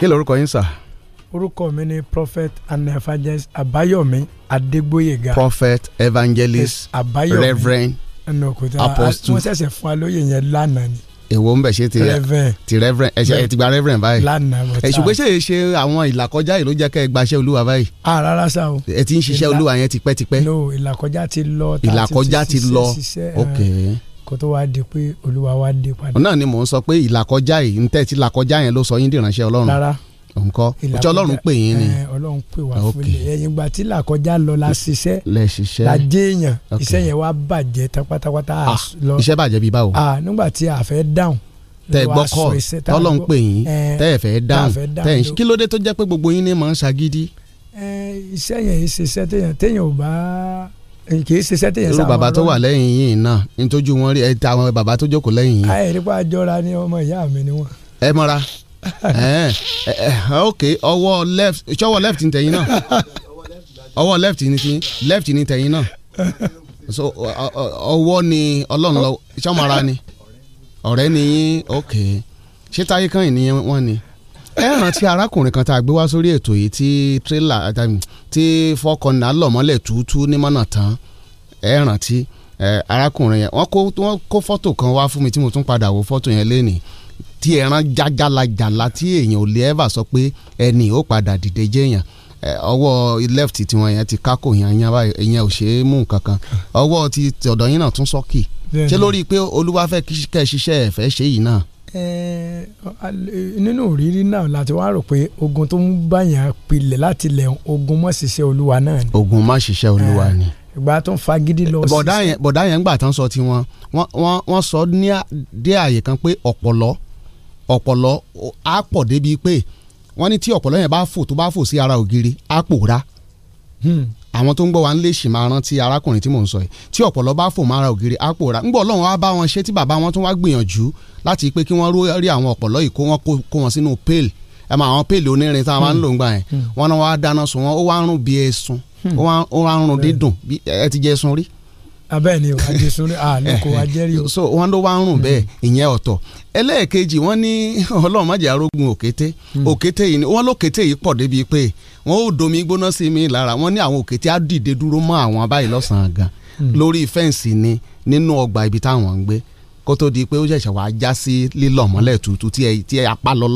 kí lorúkọ yín sà. orúkọ mi ni prophet and evangelist abayomi adegboyega. prophet evangelist abayomi reverend apostle. mo ṣẹ̀ṣẹ̀ fún wa lóye yẹn lánàá ni èwo ń bẹ̀ ṣe ti ti reverend ẹ ṣe ẹ ti gba reverend báyìí ẹ ṣùgbọ́n ah. ṣe ṣe àwọn ìlàkọjá yìí ló jẹ́ kẹ́ ẹ gbaṣẹ́ olúwa báyìí. a ah, rárá sá o. ẹ ti ń ṣiṣẹ́ olúwa yẹn tipẹ́tipẹ́. no ìlàkọjá ti lọ. ìlàkọjá ti lọ ok. Uh, kó tó wá di pé olúwa wá dé padà. náà ni mò ń sọ pé ìlàkọjá yìí ń tẹ́ tí ìlàkọjá yẹn ló sọ yín dìránṣẹ́ ọlọ́run. rárá nkọ ọjọ ọlọ́run pè yín ni eh, ọlọ́run pè wá fún mi ẹ̀yìn ìgbà tí làkọjá lọ la ṣiṣẹ́ lẹ ṣiṣẹ́ la jéèyàn iṣẹ́ yẹn wá bàjẹ́ tapatapata. Ah, iṣẹ́ bàjẹ́ bíi báwo. Ah, nígbà tí a fẹ́ dáhùn tẹ gbọ́ kọ́ tọ́lọ́ pè yín eh, tẹ́ ẹ fẹ́ dáhùn tẹ́ ẹ kí ló dé tó jẹ́ pé gbogbo yín ni mò ń ṣagídí. Eh, iṣẹ́ yẹn ṣiṣẹ́ téèyàn téèyàn ò bá kì í ṣiṣẹ́ tẹ̀yẹ sáwọn ọlọ́run. bàbá tó wà lẹ́yìn yìí náà nítorí wọn rí ẹta àwọn bàbá tó jókòó lẹ́yìn yìí. ayé nípa àjọra ni ọmọ ìyá mi ni wọn. ẹ mọ́ra ok ọwọ́ left ṣọwọ́ left ni tẹ̀yìn náà ọwọ́ left ni tẹ̀yìn left ni tẹ̀yìn náà so ọwọ́ ni ọlọ́run lọ ṣọmọra ni ọ̀rẹ́ ni yín ok ṣé táyé kan ìníyẹn wọ́n ni ẹ rántí arákùnrin kan tá a gbé wá sórí ètò yìí tí tírélà tí fọkànnà lọ̀mọ́lẹ̀ túútú nímọ̀nà tán ẹ rántí arákùnrin yẹn wọ́n kó fọ́tò kan wá fún mi tí mo tún padà wo fọ́tò yẹn lénìí tí ẹran jágalajàla tí èèyàn ò lè ẹ́fà sọ pé ẹnì ó padà dìde jẹ́yàn ọwọ́ left tí wọ́n yẹn ti kákò yẹn yẹn báyìí ìyẹn ò ṣe é mú kankan ọwọ́ ti ọ̀dọ̀ yín náà tún sọ́ọ̀kì ṣé lórí pé olúwa fẹ́ kẹ́ ṣiṣẹ́ ẹ̀fẹ́ ṣe yìí náà Eh, eh, nínú òrírí náà láti wá rò pé ogun tó ń báyàn pilẹ̀ láti lẹ̀ ogun mọ́ ṣiṣẹ́ olúwa náà ni. ogun mọ́ ṣiṣẹ́ olúwa eh, ni. ìgbà tó ń fagídí lọ. bọ̀dá yẹn bọ̀dá yẹn gbà tán sọ ti wọn wọ́n wọ́n sọ ní dé àyè kan pé ọ̀pọ̀lọ́ ọ̀pọ̀lọ́ á pọ̀ débi pé wọ́n ní tí ọ̀pọ̀lọ́ yẹn bá fò tó bá fò sí ara ògiri á pòórá. Hmm àwọn tó ń gbọ́ wa ń lè ṣì máa rántí arákùnrin tí mò ń sọ yìí tí ọ̀pọ̀lọ́ bá fò mára ògiri àpò ra ńgbọ́ ọlọ́run á bá wọn ṣe tí bàbá wọn tún wá gbìyànjú láti pé kí wọ́n rí àwọn ọ̀pọ̀lọ́ yìí kó wọ́n kó wọn sínú pale ẹ máa àwọn pale onírin tá a máa ń lò ń gbà yẹn hmm. wọn náà wá dáná sun wọn ó wá ń rún bí ẹ̀sùn hmm. ó wá ń rún dídùn ẹ ti jẹ ẹ̀sùn rí abẹ́ẹ̀ ni o àjẹsùn ni àlùkò àjẹrí o. so wọn ló wá ń rùn bẹ́ẹ̀ ìyẹn ọ̀tọ̀ ẹlẹ́ẹ̀kejì wọ́n ní ọlọ́run má jẹ́ arógun òkété hmm. òkété yìí wọ́n lókété yìí pọ̀ débi pé wọ́n ó domi gbóná sí mi lára wọ́n ní àwọn òkété á dìde dúró mọ́ àwọn báyìí lọ́sàn-án gan hmm. lórí fẹ́ǹsì ni nínú ọgbà ibi táwọn ń gbé kó tó di pé ó ṣẹ̀ṣẹ̀ wá já sí lílọ̀ mọ́lẹ̀ tuntun tí ẹ apá lọ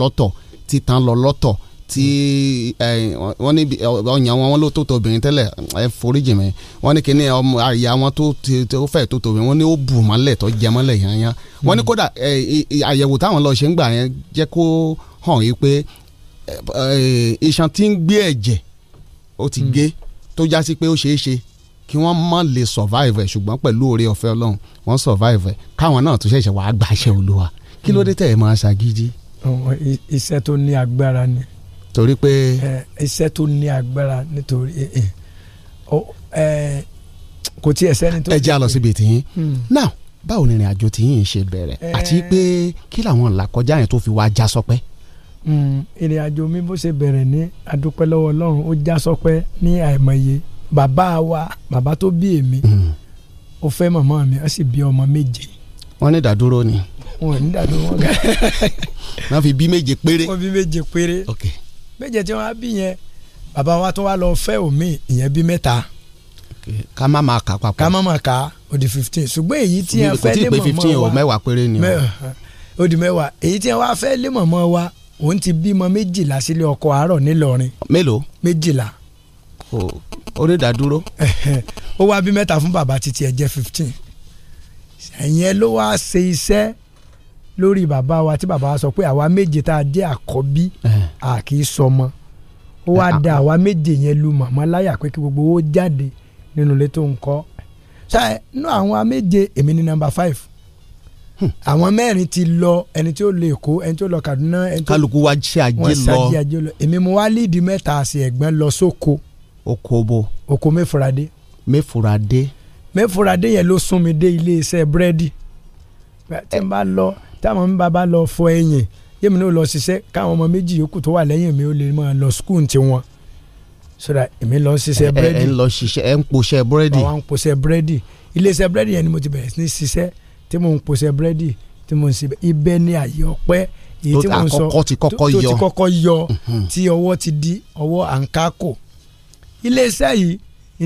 lọ́tọ̀ tí wọ́n ní ọyàn wọn ló tó tóbìnrin tẹ́lẹ̀ ẹ foríjì mi wọ́n ní kíní ọmọ àyà wọn tó fẹ́ tó tóbìnrin wọ́n ní ó bù mọ́lẹ̀ tó jẹ mọ́lẹ̀ yányá wọ́n ní hmm. kódà àyẹ̀wò táwọn lọ ṣe ń gbà yẹn jẹ́ kó hàn yí pé iṣan tí ń gbé ẹ̀jẹ̀ ó ti hmm. gé tó já sí pé ó ṣeé ṣe kí wọ́n má lè survive ẹ̀ ṣùgbọ́n pẹ̀lú oore ọ̀fẹ́ ọlọ́run wọ́n survive ẹ̀ káwọn náà tó ṣẹ̀ṣẹ̀ wàá gbàṣẹ́ olúwa kí ló dé tẹ̀ ẹ̀ máa ṣàgídí. iṣẹ́ tó ní agbára ni torí pé. iṣẹ́ tó ní agbára nítorí eh, eh, kò tí ẹ sẹ́ni tó. ẹ jẹ́ àlọ́ síbi tìyín hmm. now báwo ni ìrìn àjò tìyín ṣe bẹ̀rẹ̀ àti pé kí làwọn làkọjá yẹn tó fi wá já sọpẹ́. Hmm, ìrìn àjò mi bó ṣe bẹ̀rẹ̀ ní adúpẹ́ lọ́wọ́ ọlọ́run ó já sọpẹ́ ní àìmọye bàbá wa bàbá tó bí èmi hmm. ó fẹ́ màmá mi ó sì bí ọmọ méje. wọ́n ní ìdádúró ni. wọ́n ní ìdádúró wọn gà. wọ́n fi bí méje péré. wọ́n bí méje péré. okay méje tí wọ́n á bí yẹn bàbá wa tó wá lọ fẹ́ omi ìyẹn bí mẹ́ta. ká má máa kà papọ̀ ká má máa kà ó di fifteen ṣùgbọ́n èyí tí a fẹ́ lé mọ̀mọ́ wa mẹ́wàá péré ni ó di mẹ́wàá èyí tí a fẹ́ lé mọ̀mọ́ wa òun ti bímọ méjìlá sílé ọkọ àárọ̀ nílọrin. mélòó méjìlá. orí ìdádúró. ó wá bí mẹ́ta fún bàbá títí ẹ jẹ́ fifteen ẹ̀yìn ló wá ṣe iṣẹ́ lórí bàbá wa tí bàbá wa sọ pé àwa méje tá a jẹ́ àkọ́bí. Uh a kì í sọmọ ó wá da àwa méje yẹn lu màmá láyà pé kí gbogbo owó jáde nínú ilé tó ń kọ́ ṣáà nínú àwọn méje èmi ní nọ́mbà five hmm. àwọn mẹ́rin ti lọ ẹni tí ó lọ Èkó ẹni tí ó lọ Kaduna ẹni tí ó kálukú wá ṣe ajé lọ èmi mo wá líìdì mẹ́ta àti ẹ̀gbọ́n lọ sóko. oko bo. oko mẹ́fúradé. mẹ́fúradé. mẹ́fúradé yẹn ló sún mi dé ilé iṣẹ́ búrẹ́dì tí n bá lọ táwọn bàbá lọ fọ ẹ̀yìn yémi náà lọ ṣiṣẹ́ káwọn ọmọ méjì yòókù tó wà lẹ́yìn mi ó lè máa lọ skul ti wọn so that èmi lọ ṣiṣẹ́ búrẹ́dì ẹ ń lọ ṣiṣẹ́ ẹ ń poṣẹ́ búrẹ́dì àwọn ń poṣẹ́ búrẹ́dì iléeṣẹ́ búrẹ́dì yẹn ni mo ti bẹ̀rẹ̀ sí ní ṣiṣẹ́ tí mo ń poṣẹ́ búrẹ́dì tí mo ń ṣe ibẹ̀ ni àyè ọpẹ́ èyí tí mo ń sọ tó ti kọ́kọ́ yọ mhm. tí ọwọ́ ti di ọwọ́ àǹkákò iléeṣẹ́ yìí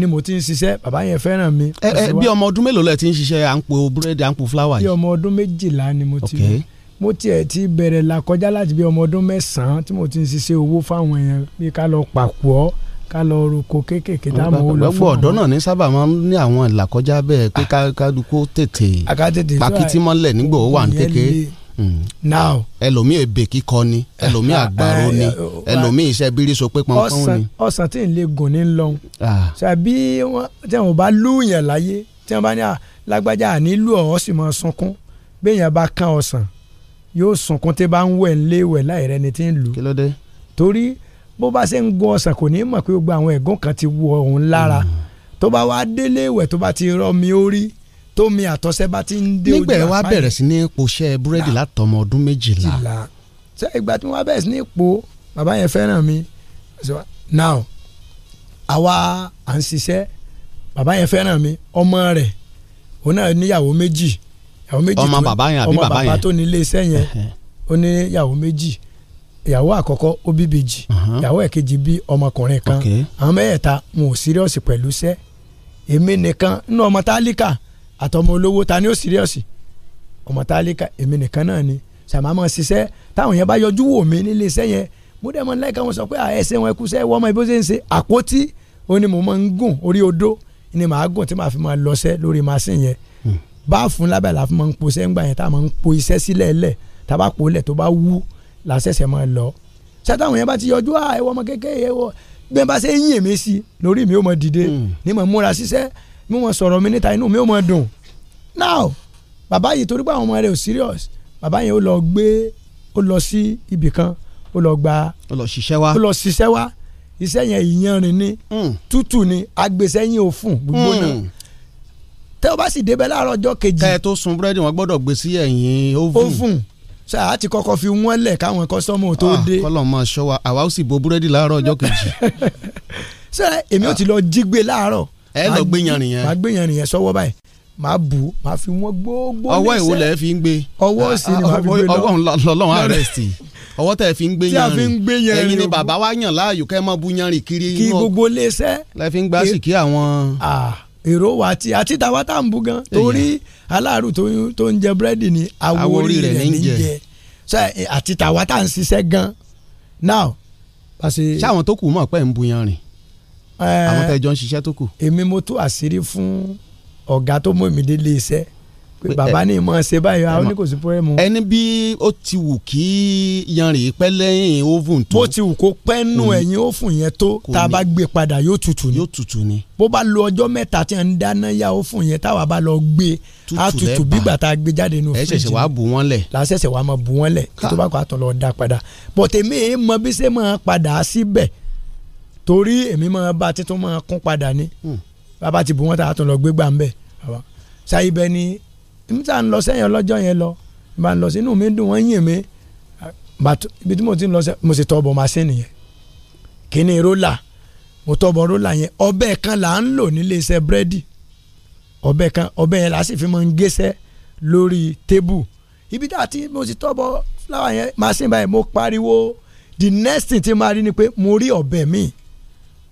ni mo ti ń ṣiṣẹ́ bàbá yẹn fẹ́ràn mi. ẹ ẹ bí ọmọ ọdún mélòó lẹ ti ń ṣiṣẹ́ à ń po búrẹ́dì à ń fúláwà yìí. bí ọmọ ọdún méjìlá ni mo ti. okay mo tiẹ̀ ti bẹ̀rẹ̀ là kọjá láti bí ọmọ ọdún mẹ́sàn-án tí mo ti ń ṣiṣẹ́ owó fáwọn èèyàn bí ká lọ pàpọ̀ ká lọ roko kéékèèké táwọn olùfọ́ wọn. gbọ́dọ̀ ọ̀dọ́ náà ní sábà máa ń ní àwọn ìlàkọjá bẹ́ẹ̀ pé kádùkú tètè pakítí nígbà ó wà ní kékeré hmm. now. ẹlòmíì ebè kíkọ ni ẹlòmíì àgbàro ni ẹlòmíì iṣẹ́ bírí so pé pọnpọ́n ni. ọ̀sán tí n lè gùn ní lọ́hùn. ṣàbí tí wọn bá lùyàn ọ́ sì máa sunkún béèyàn bá kán ọ̀sán yóò sunkún tí bá ń wẹ̀ ń lé wẹ̀ láì rẹni tí ń lù. kí ló torí bó bá ṣe ń gun ọsàn kò ní mọ̀ pé gbogbo àwọn ẹ̀gún kan ti wọ òun lára mm. tó bá wá délé ìwẹ̀ tó bá ti rọmi orí tó mi àtọ́sẹ́ bá ti ń dé ojú àpáyé. nígbà ẹ bẹ̀rẹ̀ sí ní po iṣẹ́ búrẹ́dì látọmọ ọdún méjìlá. ṣé ìgbà tí wọ́n bẹ̀rẹ̀ sí ní po bàbá yẹn fẹ́ràn mi now àwa à ń ṣiṣẹ́ bàbá yẹn fẹ́ràn mi ọmọ rẹ̀ òun náà níyàwó méjì ìyàwó méjì ọmọ bàbá yẹn àbí bàbá yẹn ọmọ bàbá tó ní ilé iṣẹ́ yẹn ó ní ìyàwó méjì ìyàwó àkọ́kọ́ ó bí bèjì ìyàwó ẹ̀kejì bí ọmọkùnrin kan àwọn mẹ́ẹ̀ta wọn ò síríọ̀sì pẹ̀lú iṣẹ́ èmi nìkan nínú ọmọ tálíkà àtọmọ olówó ta ni ó síríọ̀sì ọmọ tálíkà èmi nìkan náà ni sàmà máa ṣiṣẹ́ táwọn yẹn bá yọjú wò mí nílé iṣẹ́ yẹn mo dẹ́ mọ láìka wọn sọ pé ẹsẹ̀ wọn ẹkúṣẹ́ wọ́n mọ ibo ṣe ń ṣe àpótí ó ní mo máa ń gùn orí odó ni màá gùn tí màá fi máa lọ ṣẹ́ lórí màsín yẹn báàfù lábẹ́ làá fi máa ń po sẹ́ńgbà yẹn tá a máa ń po iṣẹ́ sílẹ̀ lẹ̀ tá a bá po lẹ̀ tó bá wú làṣẹ̀ṣẹ̀ máa lọ sátàwọn yẹn bá ti yọjú à ẹwọ ọmọ kékeré ẹwọ bí wọn bá ṣe ń yìn mí sí lórí mi ó mọ dìde ni hmm. mo múra ṣiṣẹ́ mi mo sọ̀rọ̀ mi níta inú mi ó mọ dùn now bàbá yìí torí pé àwọn ọmọ rẹ ò serious bàbá yẹn ó lọ gbé ó lọ sí ibì kan ó lọ gba ó lọ ṣiṣẹ́ wá ó lọ iṣẹ́ yẹn ìyanrìn ni hmm. tútù ni agbésẹ́yìn òfun gbogbo náà hmm tẹ́ ọ bá sì débẹ̀ láàárọ̀ ọjọ́ kejì. káyọ̀ tó sun búrẹ́dì wọn gbọ́dọ̀ gbé sí ẹ̀yìn oven ṣá a ti kọ́kọ́ fi wọ́n lẹ̀ káwọn kọ́sítọ́mù tó ah, dé. kọ́lọ̀ máa ṣọ́ wa àwa ó sì bo búrẹ́dì láàárọ̀ ọjọ́ kejì. ṣé èmi ò ti lọ jí gbé láàárọ̀. ẹ lọ gbé yanrìn yẹn. màá gbé yanrìn yẹn sọ́wọ́ báyìí màá bù màá fi wọ́n gbogbo ọwọ́ ìwo lẹ fi ń gbé. ọwọ́ sì ni ah, màá fi gbé lọ. ọwọ́ lọ́lọ́run àrẹ́sì ọwọ́ tẹ̀ fi ń gbé yanrìn. tí a fi ń gbé yanrìn. ẹ̀yin ni bàbá wa yàn láàyò kẹ́ mọ́ bu yanrìn kiri. kí gbogbo lẹ́sẹ̀. lẹ fi ń gbá sí kí àwọn. ah èrò wa ti àti tàwa tá à ń bu gan torí aláàrù tó ń jẹ búrẹ́dì ni awori rẹ̀ ní jẹ àti tàwa tá à ń ṣiṣẹ́ gan now. ṣé àwọn tó kù mọ̀ pé ń bu yan rìn àwọn tẹ́jọ́ ń ṣiṣẹ́ tó kù. èmi mo tú àṣírí fún ọ̀gá tó mú mi délé iṣẹ́ pé bàbá ní ìmọ̀ ṣe báyìí àwọn ní kò sí pẹ́ẹ́mù. ẹni bí ó ti wù kí yanrìn pẹ́ lẹ́yìn oven tó. bó ti wù kó pẹ́ nù ẹ̀yìn oven yẹn tó tá a bá gbé padà yóò tutù ni. yóò tutù ni. bó bá lo ọjọ́ mẹ́ta tí wọ́n ń dáná ya oven yẹn táwa bá lọ gbé a tutù bígbà tá a gbé jáde nù ẹ ṣẹ̀ṣẹ̀ wàá bù wọ́n lẹ̀. la ṣẹ̀ṣẹ̀ wàá mọ bù wọ́n lẹ̀ kí tó bá kọ́ àtọ̀ lọ da padà bọ̀tẹ̀ mi ì mọ bí ṣe máa padà síbẹ̀ torí èmi máa hmm. bá ni bàbá ti bù wọ́n tá a tún lọ èmi tá à ń lọ sẹ́yìn ọlọ́jọ́ yẹn lọ bá ń lọ sínú mi dùn wọ́n yìn mí ibi tí mo ti ń lọ sẹ́yìn mo sì tọ́ bọ̀ màsínì yẹn kíní rólà mo tọ́ bọ̀ rólà yẹn ọbẹ̀ kan là ń lò nílé iṣẹ́ búrẹ́dì ọbẹ̀ kan ọbẹ̀ yẹn là á sì fi máa ń gẹ́sẹ́ lórí tébù ibi tá àti mo sì tọ́ bọ̀ fúláwà yẹn màsínì báyìí mo pariwo the next thing ti máa rí ni pé mo rí ọbẹ̀ míì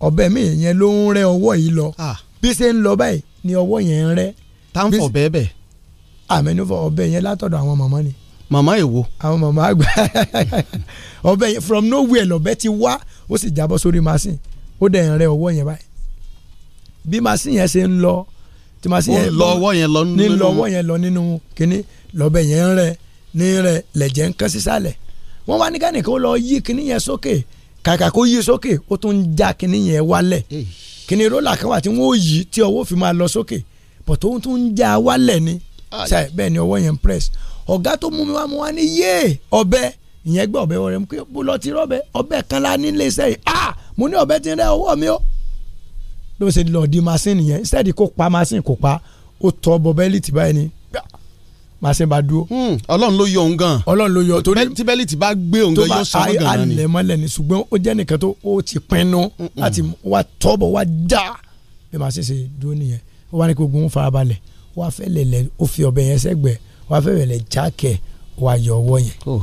ọbẹ̀ míì yẹn ló ń rẹ́ ọwọ́ yìí lọ ah. bí ṣe ń lọ báyìí ni ọwọ́ yẹn ń rẹ́. táǹfọ̀ bẹ́ẹ̀ bẹ́ẹ̀ àmẹnufọ ọbẹ yẹn látọ̀dọ̀ àwọn màmá ni. màmá èwo. àwọn màmá àgbà ọbẹ yẹn from nowhere lọbẹ ti wá ó sì jábọ́ sórí machine ó dẹ̀ ń rẹ ọwọ́ yẹn báyìí bí machine yẹn ṣe ń lọ tí machine yẹn lọ ọwọ́ yẹn lọ nínú ní lọ ọwọ́ yẹn lọ nínú kínní lọbẹ yẹn ń rẹ ní rẹ lẹ̀jẹ̀ ń kán sísàlẹ̀ wọ́n wá ní kánìkan ó lọ yí kínní yẹn sókè kàkà kó yí sókè ó tún ń já kínní yẹn wálẹ̀ kínní rólà kan wà tí wọ́n ó yí tí ọwọ́ fi máa lọ sókè pọ̀ tó ń tún ń já wálẹ̀ ni Ah, ṣe bẹ́ẹ̀ ni ọwọ́ yẹn press ọ̀gá tó mú mi wá mo wá ní yé ọbẹ̀ ìyẹn gbọ́ ọbẹ̀ wọ̀rẹ́ mu pé bó lọ ti rọ́bẹ̀ ọbẹ̀ kan la nílé iṣẹ́ yìí ah mo ní ọbẹ̀ ti rẹ́ ọwọ́ mi ó ló ṣe lọ di machine yẹn instead kó pa machine kó pa ó tọ bọ́bẹ́lìtì báyìí ni machine bá dúró. Hmm, ọlọ́run ló yọ òun gan. ọlọ́run ló yọ torí tí bẹ́lìtì bá gbé òun gan yóò sọ gan ni. alẹ́ mọ́lẹ̀ ni ṣùgbọ́n ó jẹ́ nìkan tó ó ti pinnu láti wá tọ́bọ̀ wá já bí machine ṣe dúró nìyẹn ó wá ní kó gun farabalẹ̀ wàá fẹ́ lẹ̀lẹ̀ ó fi ọ̀bẹ yẹn sẹ́gbẹ̀ẹ́ wàá fẹ́ lẹ̀lẹ̀ jákẹ́ wàá yọ ọwọ́ yẹn. Oh.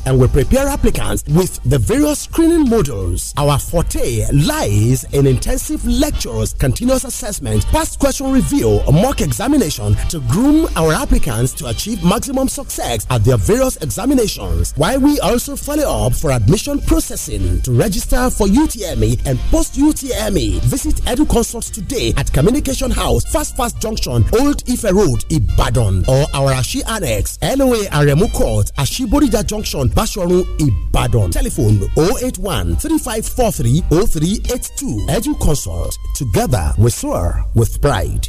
applications and we prepare applicants with the various screening modules. Our forte lies in intensive lectures, continuous assessment, past question review, mock examination to groom our applicants to achieve maximum success at their various examinations. While we also follow up for admission processing to register for UTME and post UTME, visit EduConsult today at Communication House, Fast Fast Junction, Old Ife Road, Ibadan, or our Ashi Annex, LOA Aremu Court, Ashiborija Junction, Basharun Ibadan. Telephone 081 3543 0382. Edu Consult. Together we soar with pride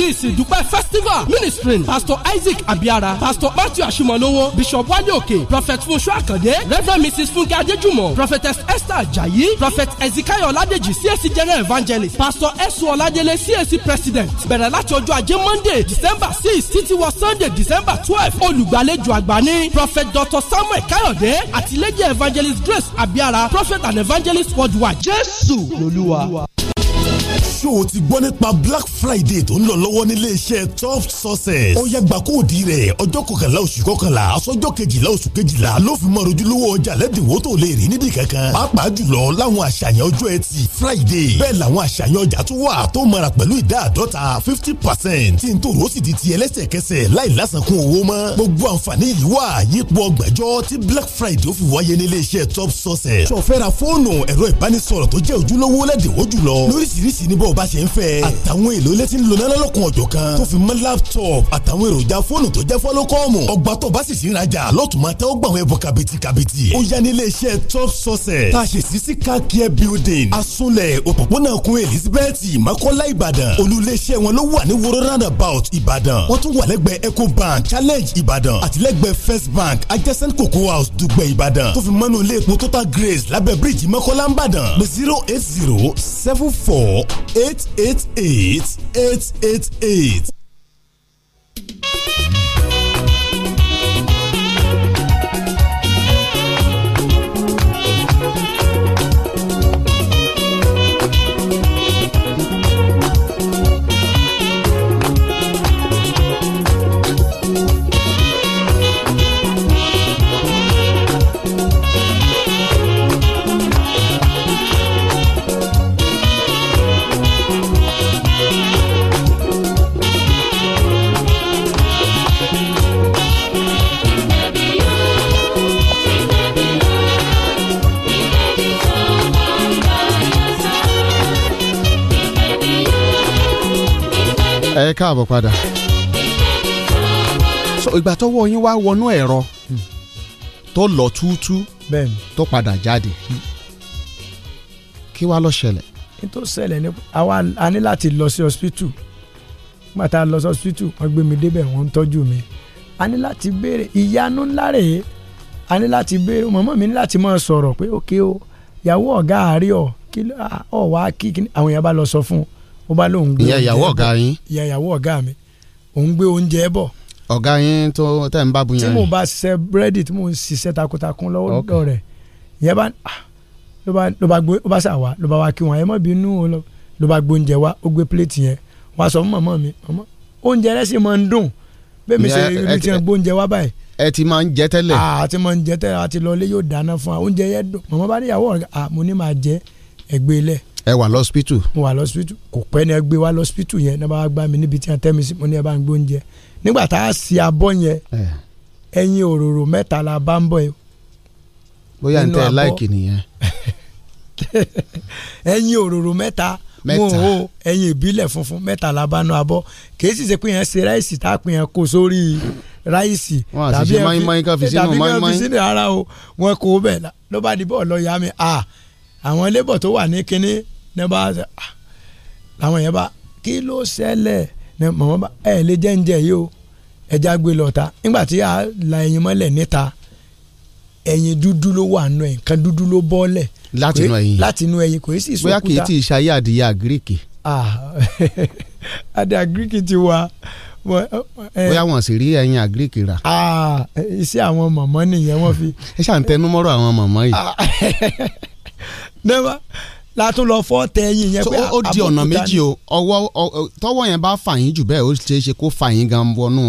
ní ìsìn ìdúpẹ́ festival ministry pastor isaac abiara pastor matthew ashimolowo bishop wale òkè prophet funṣu akande reverend mrs funke adejumo prophetess esther ajayi prophet Ezekiah oladeji CSC general evangelist pastor esu oladele CSC president bẹ̀rẹ̀ láti ọjọ́ ajé monday december six títí wọ sunday december twelve olùgbàlejò àgbà ní prophet dr samuel kayode àti lady evangelist grace abiara prophet and evangelist worldwide jésù lolúwa ṣó o ti gbọ́ nípa black friday tó ń lọ lọ́wọ́ nílé iṣẹ́ top sources. ó yàgbà kóòdì rẹ̀ ọjọ́ kọkànlá oṣù kọkànlá aṣọ́jọ́ kejìlá oṣù kejìlá ló fi mọ ojúlówó ọjà lẹ́dínwó tó lè rí níbi kankan. pàápàá jùlọ láwọn àṣàyàn ọjọ́ ẹtì friday bẹ́ẹ̀ làwọn àṣàyàn ọjà tó wà tó mara pẹ̀lú ìdá àdọ́ta fifty percent tí n tó rò ó sì di ti ẹlẹ́sẹ̀kẹsẹ̀ láì lásàkún owó mọ́. gbogbo àǹfààní yìí wà yípo ọgbàjọ́ tí black friday ó fi wáyé nílé iṣẹ́ top sources. sọfẹ́ra fóònù ẹ̀rọ ìbánisọ̀rọ̀ tó jẹ́ ojúlówó lẹ́dínwó jùlọ lóríṣiríṣi níbọ̀ bọ́rọ̀ bá ṣe ń fẹ́. àtàwọn èlò ilé tí ń lona lọ́lọ́kun ọ̀jọ̀ kan tó fi mọ́ laptop àtàwọn èròjà fóònù tó jẹ́ fọ́lọ́kọ́ọ̀mù. ọgbà tó bá sì sí ìrajà lọ́tùmọ̀ tẹ́ ó gbà wọ́n ẹ̀bùn kàbìtì kàbìtì. ó yá ní iléeṣẹ́ top success tá a ṣe sí sí car building. asunlẹ̀ òpópónà kun elizabeth makola ìbàdàn olú iléeṣẹ́ wọn ló wà ní woro roundabout ìbàdàn. wọ́n tún challenge ìbàdàn àtìlẹ́gbẹ̀ẹ́ first bank adjacent cocoa house dùgbẹ̀ ìbàdàn tó fi mọ́nú grace lábẹ́ bíríìjì makola ìbàdàn zero eight zero seven four eight eight eight eight eight eight. káàbọ̀ padà. so ìgbà tọwọ́ yín wá wọnú ẹ̀rọ hmm. tó lọ túútú tó padà jáde kí wàá lọ ṣẹlẹ̀. nítorí ṣẹlẹ̀ ni àwa a ní láti lọ sí hospital nígbà tá a lọ sí hospital wọ́n gbé mi débẹ̀ wọ́n ń tọ́jú mi a ní láti béèrè ìyanu ńlá rèé a ní láti béèrè mọ̀mọ́ mi ní láti máa sọ̀rọ̀ pé òkè o ìyàwó ọ̀gá àárẹ̀ ọ̀ kí ọ̀ wá kí àwọn èèyàn bá lọ sọ fún un ó bá lóun gbé ìyá ìyàwó ọ̀gá yín ìyàwó ọ̀gá mi òun gbé oúnjẹ bọ̀ ọ̀gá yín tó tẹ̀ ń bá bu yẹn. tí mo bá ṣiṣẹ́ búrẹ́dì tí mo ń ṣiṣẹ́ takuntakun lọ́wọ́ rẹ̀ yẹn bá ah, ló bá ló bá gbé ó bá ṣà ló bá wá kí wọn ẹ mọ̀ bínú o ló bá gbóúnjẹ wá ó gbé pléètì yẹn wá sọ fún màmá mi màmá oúnjẹ rẹ sì máa ń dùn bẹ́ẹ̀ mi ṣe ibi tí wọn gbóúnjẹ wá báyìí. ẹ ti máa ń jẹ tẹ́lẹ̀. Ah, a ti máa ń jẹ tẹ́lẹ̀ a ti lọ ilé yóò dáná fún wa oúnjẹ yẹn dùn màmá bá níyàwó ọ̀gá à ah, mo ní máa jẹ ẹgbẹ́ ilẹ̀ ẹ wà lọ́sípítù. mo wà lọ́sípítù kò pẹ́ ni ẹ gbé wa lọ́sípítù yẹn náà bá wá gbá mi níbi tí wọ́n tẹ́ mi sí mo ní ẹ bá ń gbóúnjẹ nígbà tá a sì abọ́ yẹn ẹyin òróró mẹ́ta la bá ń bọ̀ yìí. bóyá n tẹ láìkì nìyẹn. ẹyin òróró mẹ́ta mo ho ẹyin ìbílẹ̀ funfun mẹ́ta la bá nu abọ́ kìí sì ṣe pé yẹn ṣe ráìsì tá a pè yẹn kó sórí ráìsì tàbí ẹ fi tàbí ẹ sínú ara o wọn kò bẹ̀ ló bá di bọ́ọ̀ lọ yá mi ah àwọn labour tó wà ní kínní ní bá ah, làwọn yẹn bá kí ló ṣẹlẹ̀ ní mọ̀mọ́ bá ẹ̀ lè jẹ́ yìí o ẹja gbé lọ́ta nígbà tí a la ẹyin mọ́lẹ̀ níta ẹyin dúdú ló wà nù ẹ̀ nǹkan dúdú ló bọ́lẹ̀ látinú ẹyin látinú ẹyin kò sí ìsókúta bóyá kì í ti ṣayé adìyẹ àgíríkì. adìyẹ àgíríkì ti wà. bóyá wọn sì rí ẹyin àgíríkì rà. iṣẹ́ àwọn mọ̀mọ́ nìyẹn wọ́n fi. ẹ ṣàǹtẹnumọ́rọ̀ àwọn mọ̀mọ́ yìí. never látún lọ fọ́ tẹ ẹyin yẹn pé àbókúta ni. ó di ọ̀nà méjì o ọwọ́ tọwọ́ yẹn bá fà yín jù bẹ́ẹ̀ ó ṣeé ṣe kó fà yín gan wọnú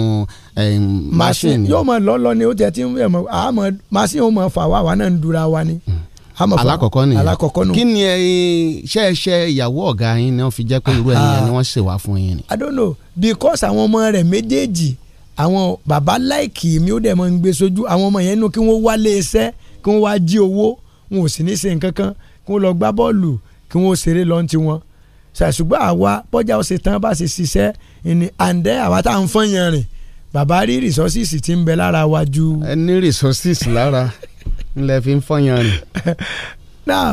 machine. yóò mọ lọ́lọ́ ni ó jẹ́ tí àmọ́ machine ó mọ fà wá wa náà ń dura wa ni. Hmm. alakọkọ nìyẹn alakọkọ nù. kí ni ṣẹ́ẹ̀ṣẹ́ ìyàwó ọ̀gá yín ni wọ́n fi jẹ́ pé irú ẹ̀yìn yẹn ni wọ́n ṣe wá fún yín ni. I don't know because àwọn ọmọ rẹ̀ méjèèjì àwọn bàbá láìkì mi ó dẹ̀ mọ́ ń gbé sojú àwọn ọmọ yẹn nù kí wọ́n wá lé iṣẹ́ wọn ò sì ní í ṣe nǹkan kan kí wọ́n lọ gbá bọ́ọ̀lù kí wọ́n ṣeré lọ́n ti wọn ṣàṣùgbọ́n àwa bọ́jà ọ̀sẹ̀ tán bá ṣe ṣiṣẹ́ ìní àǹdẹ́ àwa tá à ń fọ́nyàn rìn bàbá rí resources ti ń bẹ lára wa ju. ẹ ní resources lára ńlẹ̀ fi ń fọ́nyàn rìn. náà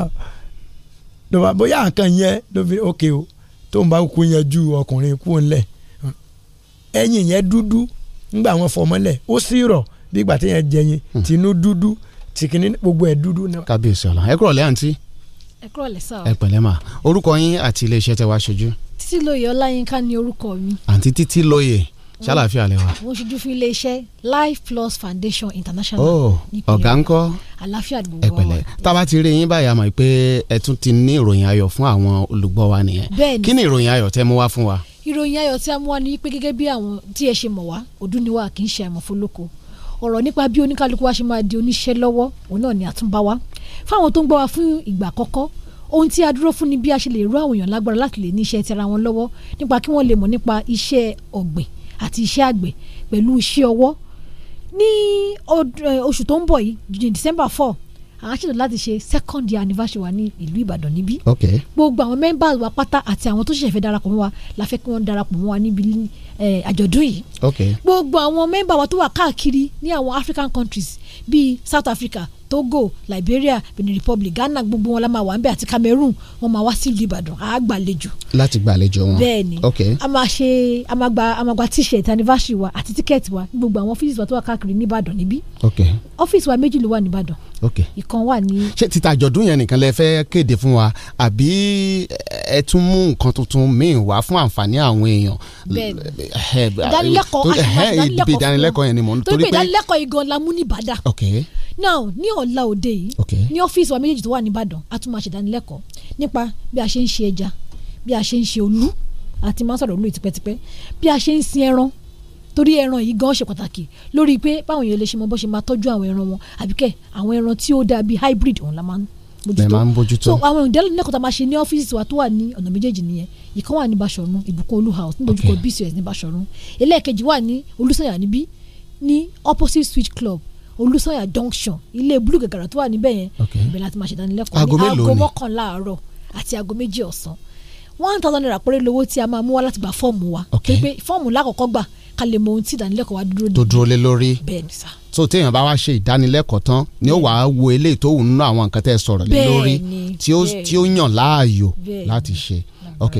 lọ́wọ́ bóyá nǹkan yẹn ló fi ókè o tó ń bá kú yanjú ọkùnrin kú ńlẹ̀ ẹ̀yìn yẹn dúdú ńgbà wọn fọmọlẹ̀ ó sì rọ̀ bí ìgbà téèyàn jẹyin hmm. tìǹú dúdú tìkìní gbogbo ẹ̀ dúdú náà. kábíyèsí ọ̀la ẹ kúrọ̀lẹ́ àǹtí. ẹ kúrọ̀lẹ́ sá. ẹ pẹ̀lẹ́ mà orúkọ yín àti iléeṣẹ́ tẹ wá ṣojú. títílóye ọláyínká ni orúkọ mi. àǹtí títílóye ṣàlàáfíà lẹ wa. mo ṣojú fún iléeṣẹ́ life plus foundation international. ó oh, ọ̀gá ń kọ́ àlàáfíà gbogbo wa. ẹ pẹ̀lẹ́ tába ti rí yín báyà mọ̀ pé ẹ tún ti ní ìròyìn ayọ̀ fún àwọn olùgbọ́ wa nìyẹn. bẹ́ẹ̀ni kí ni ìròyìn ayọ̀ tẹ́ mú wá fún wa. ìròyìn ayọ̀ tí a mú wá ni pé gẹ́gẹ́ bí àwọn tí ẹ ṣe mọ̀ wá ọdún kì í ṣe àmọ̀fólókò ọ̀rọ̀ nípa bí oníkálukú wa ṣe máa di oníṣẹ́ lọ́wọ́ òun náà ni àtúnbá wa fáwọn tó ń gbọ́ wa fún ìgbà àkọ́kọ́ ohun tí a dúró fún ni bí a ṣe lè rú àwọn èèyàn lágbára láti lè ní iṣẹ́ tẹra wọn lọ́wọ́ nípa kí wọ́n lè mọ̀ nípa iṣẹ́ ọ̀gbìn àti iṣẹ́ àgbẹ̀ pẹ̀lú iṣẹ́ ọwọ́ ní oṣù tó ń bọ̀ yìí December four a ṣètò láti ṣe second year anniversary wa ní ìlú ìbàdàn níbí. gbogbo àwọn members wa pátá àti àwọn tó ṣẹ̀ṣẹ̀ darapọ̀ mọ́ wa la fẹ́ kí wọ́n darapọ̀ mọ́ wa níbi àjọ̀dún yìí. gbogbo àwọn members wa tó wà káàkiri ní àwọn african countries bíi south africa togo liberia benin republic ghana gbogbo wọn la máa wà ń bẹ àti cameroon wọn máa wá sí ìlú ìbàdàn á gbàlejò. láti gbàlejò wọn bẹ́ẹ̀ni a máa ṣe a máa gba a máa gba t-shirt anniversary wa àti tíkẹ́ẹ̀tì wa gbogbo àwọn ọ́fíìsì wa tó wà káàkiri ní ìbàdàn níbí. ọ́fíìsì wa méjì ló wà ní ìbàdàn ìkan wà ní. ṣé títa àjọ̀dún yẹn nìkan lẹ fẹ́ kéde fún wa àbí ẹ tún mú nǹkan tuntun míì wá fún àǹfààní àwọn èèyàn. bẹ́ẹ̀ ìdánilẹ́kọ̀ọ́ àṣìwájú ìdánilẹ́kọ̀ọ́ yẹn ni mò ń torí pé ìdánilẹ́kọ̀ọ́ igan la mú ní Ìbàdàn. now ní ọ̀la òde yìí ní ọ́fíìsì wa méjèèjì tó wà ní Ìbàdàn a tún máa ṣe ìdánilẹ́kọ̀ọ́ nípa bí a ṣe ń ṣe ẹja bí a ṣe ń ṣe olú àti máa olú tipẹ́tipẹ́ bí a ṣe ń sin ẹran torí ẹran yìí gan ṣe pàtàkì lórí pé báwọn èèyàn lè ṣe mọ bó ṣe máa tọ́jú àwọn ẹran wọn àbíkẹ́ àwọn ẹran tí ó dàbí hybrid òun la máa ń bójútó so àwọn ìdẹ́lẹ̀ lẹ́kọ̀ọ́ tá a máa ṣe ní ọ́fíìsì wa tó wà ní ọ̀nà méjèèjì nìyẹn ìkan wà ní Basọ̀run Ìbùkún Olú house nídojúkọ bcs ní Basọ̀run ẹlẹ́ẹ̀kejì wà ní Olúsànyà níbí ní opposite switch club Olúsànyà junction ilé blue gàgàrà tó wà níbẹ̀ yẹn ibẹ̀ láti máa ṣèdánilẹ́kọ̀ọ́ ní aago mọ́kànlá àárọ̀ àti aago méjì ọ̀sán one thousand naira péré lówó tí a máa mú wá láti gba fọ́ọ̀mù wa ká lè mọ ohun tí ìdánilẹ́kọ̀ọ́ wa dúró dé. tó dúró lé lórí bẹ́ẹ̀ni sá. so téèyàn bá wá ṣe ìdánilẹ́kọ̀ọ́ tán ni ó wàá wo eléyìí tó wù nínú àwọn nǹkan tẹ́ sọ̀rọ̀ lé lórí tí ó yàn láàyò láti ṣe ok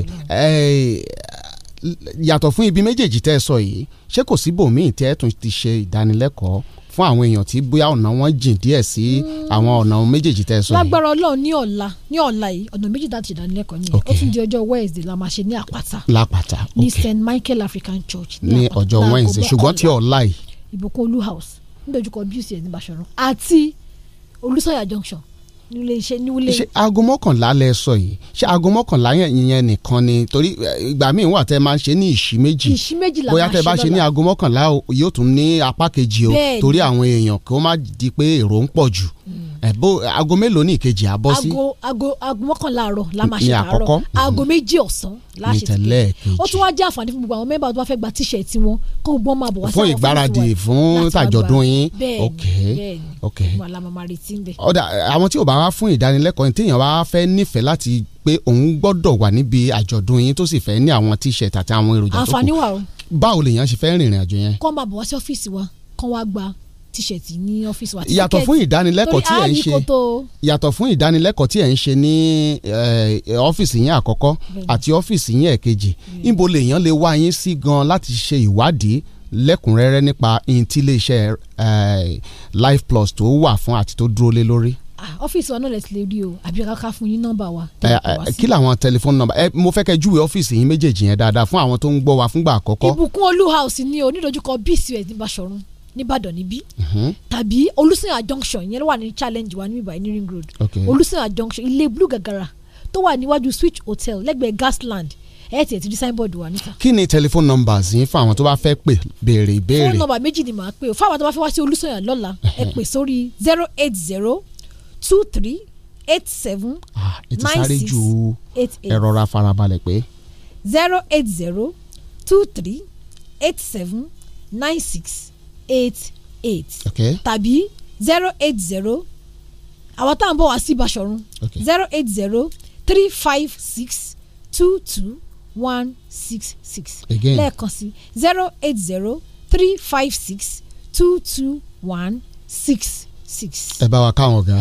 yàtọ̀ fún ibi méjèèjì tẹ́ sọ yìí ṣé kò sí bòmíì tẹ́ tún ti ṣe ìdánilẹ́kọ̀ọ́ fún àwọn èèyàn tí bóyá ọ̀nà wọn jìn díẹ̀ sí àwọn ọ̀nà méjèèjì tẹ́ sọ yìí. lágbára ọlọ́run ní ọ̀la ní ọ̀la yìí ọ̀nà méjì láti ìdánilẹ́kọ̀ọ́ yẹn ó tún di ọjọ́ wednesday la máa ṣe ní àpáta. lápáta ok ní st michael african church ní ọjọ́ wednesday ṣùgbọ́n ti ọ̀la yìí. ìbùkún olú house nídojúkọ bíúsì ẹ̀ ní Basọ̀run àti olùsọ̀yà junction nílé iṣẹ́ nílé. ṣe aago mọ́kànlá lẹ sọ yìí ṣe aago mọ́kànlá yẹn nìkan ni torí ìgbà míì wà tẹ máa ń ṣe ní ìṣí méjì ìṣí méjì la máa ṣe lọ́la bóyá tẹ bá ṣe ní aago mọ́kànlá yóò tún ní apá kejì o torí àwọn èèyàn kó má di pé èrò ń pọ̀ jù. Mm ẹ̀bó eh, aago mélòó ní ìkejì àbọ̀ sí. aago aago aago mọ́kànlá àárọ̀ la máa ṣe àárọ̀ aago mm-hmm. méjì ọ̀sán la ṣe ti pé ó tún wáá jẹ́ àǹfààní fún gbogbo àwọn mẹ́mbà tó bá fẹ́ gba tíṣẹ̀tì wọn kó gbọ́n máa bọ̀ wá sí àwọn fún ìgbáradì fún tàjọ̀dún yín ok ok ọ̀dà àwọn tí ò bá wá fún ìdánilẹ́kọ̀ọ́ yín téèyàn wá fẹ́ nífẹ̀ẹ́ láti pé òun gbọ́dọ̀ wà níbi àjọ̀dún yín tó báwo lèèyàn ṣe fẹ́ rìnrìn àjò yẹn kọ́ máa bọ̀ wá sí ọ́fíìsì wa kọ́ wá gba tíṣẹ̀tì ní ọ́fíìsì wa. yàtọ̀ fún ìdánilẹ́kọ̀ọ́ tí ẹ̀ ń ṣe yàtọ̀ fún ìdánilẹ́kọ̀ọ́ tí ẹ̀ ń ṣe ní ọ́fíìsì yẹn àkọ́kọ́ àti ọ́fíìsì yẹn ẹ̀kejì hmm. níbo lèèyàn lè wá yín sí gan láti ṣe ìwádìí lẹ́kùnrẹ́rẹ́ nípa ihun tí iléeṣẹ́ life plus tó wà fún àti tó dúró lé lórí ọ́fíìsì wa náà lè tilẹ̀ rí o àbí kàkà fún yín nọ́mbà wa. kí làwọn tẹlifóònù nọ́mbà ẹ mo fẹ́ kẹ́ júwe ọ́fíìsì yín méjèèjì yẹn dáadáa fún àwọn tó ń gbọ́ wa fúngbà àkọ́kọ́. ìbùkún olú house ni onídojúkọ bíìsì ẹ̀ ní Báṣọ̀run nìbàdàn níbí mhm. tàbí olùsìnyà junction yẹn wà ní challenge wa níbí báyìí ní ring road olùsìnyà junction ilé blue gàgàrà tó wà níwájú switch hotel lẹ́gbẹ̀ẹ́ gasland ẹ tiẹ̀ ti di signboard wa níta. kí ni telephone numbers yín fún àwọn tó bá fẹ́ pè béèrè ìbéèrè. phone number méjì ni màá pè o fún àwọn tó bá fẹ́ wá sí olùsọ̀yàn lọ́la ẹ pè sórí zero eight zero two three eight seven nine six eight eight ẹ rọra farabalẹ̀ pé. zero eight zero two three eight seven nine six eight eight tàbí zero eight zero àwọn tá à ń bọ̀ wá sí Ìbáṣọ̀run zero eight zero three five six two two one six six lẹ́ẹ̀kan sí zero eight zero three five six two two one six six. ẹ bá wa káwọn ọ̀gá.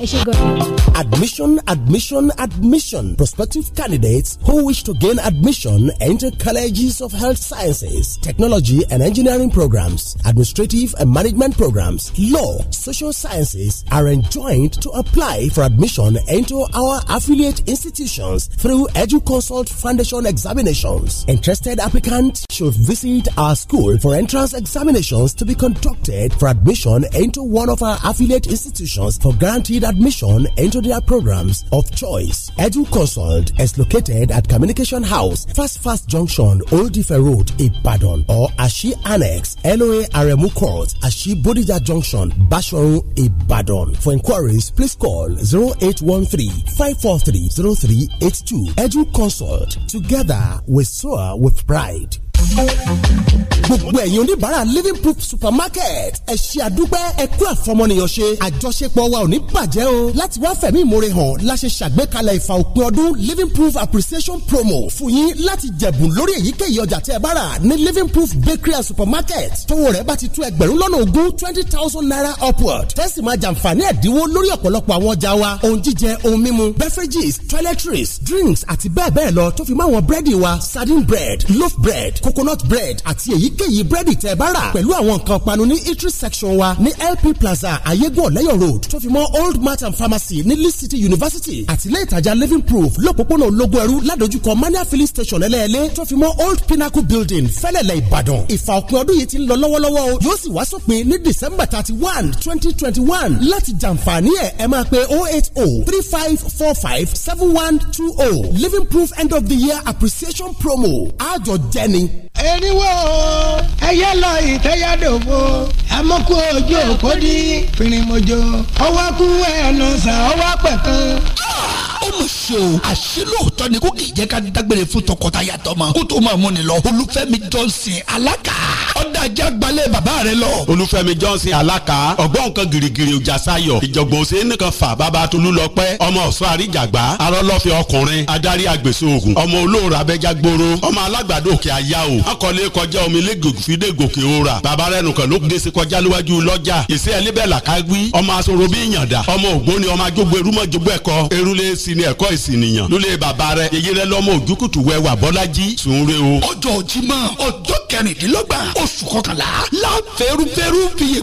Admission, admission, admission. Prospective candidates who wish to gain admission enter colleges of health sciences, technology and engineering programs, administrative and management programs, law, social sciences are enjoined to apply for admission into our affiliate institutions through EduConsult Foundation examinations. Interested applicants should visit our school for entrance examinations to be conducted for admission into one of our affiliate institutions for guaranteed admission into their programs of choice. Edu Consult is located at Communication House, Fast Fast Junction, Old Ife Road, Ibadan, or Ashi Annex, LOA Aremu Court, Ashi Bodija Junction, Basharu, Ibadan. For inquiries, please call 0813-543-0382. Edu Consult, together with SOA with pride gbogbo ẹ̀yin oníbàárà living proof supermarket ẹ ṣe àdúpẹ́ ẹ kú àfọmọnìyàn ṣe àjọṣepọ̀ wa ò ní bàjẹ́ o láti wá fẹ̀mí ìmoore hàn la ṣe ṣàgbékalẹ̀ ìfà òpin ọdún living proof appreciation promo fún yín láti jẹ̀bùn lórí èyíkéyìí ọjà tẹ́ ẹ bá rà ní living proof bakery and supermarket tówó rẹ̀ bá ti tó ẹgbẹ̀rún lọ́nà ogún twenty thousand naira upward tẹ́sí máa jàǹfààní ẹ̀dínwó lórí ọ̀pọ̀lọpọ̀ àwọn ọjà wa ohun jíjẹ ohun mímu beverages toiletries drinks àti bẹ́ẹ̀ bẹ́ẹ̀ lọ tó fi máwọn búrẹ́dì wa sardine bread loaf bread coco coconut bread àti èyíkéyìí búrẹ́dì tẹ́ bá rà pẹ̀lú àwọn nǹkan panu ní eatery section wa ní LP Plaza ayégun ọ̀lẹ́yọ̀ road tó fi mọ́ old martin pharmacy ní lee city university àtìlẹ́ ìtajà living proof lọ́pọ̀pọ̀nà ológun ẹrú ládojúkọ mania filling station ẹlẹ́ẹ̀lẹ́ tó fi mọ́ old pinnacle building fẹ́lẹ̀lẹ̀ ìbàdàn ìfà òpin ọdún yìí ti ń lọ lọ́wọ́lọ́wọ́ o yóò sì wá sópin ní december thirty one twenty twenty one láti jàǹfààní ẹ̀ ẹ máa pe oh eight oh three five four five seven one two oh living proof end of the year appreciation promo àjọ jẹni eriwo oh. ẹyẹ lọ ìtẹyàdòfo amọkú ojú òkó dí fìrìmọjò ọwọ́ kú ẹnu sàn ọwọ́ pẹ̀kan ah, mọ̀ ṣe o. àṣé lóòótọ́ ni kò kì í jẹ́ ká dágbére fún tọkọtaya tọmọ. kó tó máa mú ni lọ. olúfẹ́mi johnson alaka. ọ̀dà ajá gbalẹ̀ bàbá rẹ lọ. olúfẹ́mi johnson alaka ọgbọ́n nǹkan girigiri ọjà sayọ ìjọ̀gbọ̀n ṣe é nìkan fà bàbá tolú lọ pẹ́ ọmọ ọ̀ṣọ́ àríjàgbá arọ́lọ́fẹ́ ọkùnrin adarí agbèsè ogun ọmọ olóòrò abẹ́jágbóró ọmọ lọ́rùn akọ̀lé kọjá omi lẹ́gòkè fìdé gòkè òra bàbá rẹnu kan ló dé sí kọjá lówájú lọ́jà ìṣe ẹlẹ́bẹ̀ làkágbí ọmọ asoro bí ìyànda ọmọ ògbóni ọmọ ajogbo erúmọ jogbo ẹ̀kọ́ erúlé sini ẹ̀kọ́ ìsìnìyàn lólè bàbá rẹ yeye rẹ lọ́mọ òjúkùtù wẹwà bọ́lájí sùnre o. ọjọ́ Jímọ̀ ọjọ́ kẹrìndínlọ́gbọ̀n oṣù kọkànlá la fẹ́rúfẹ́rú fi ní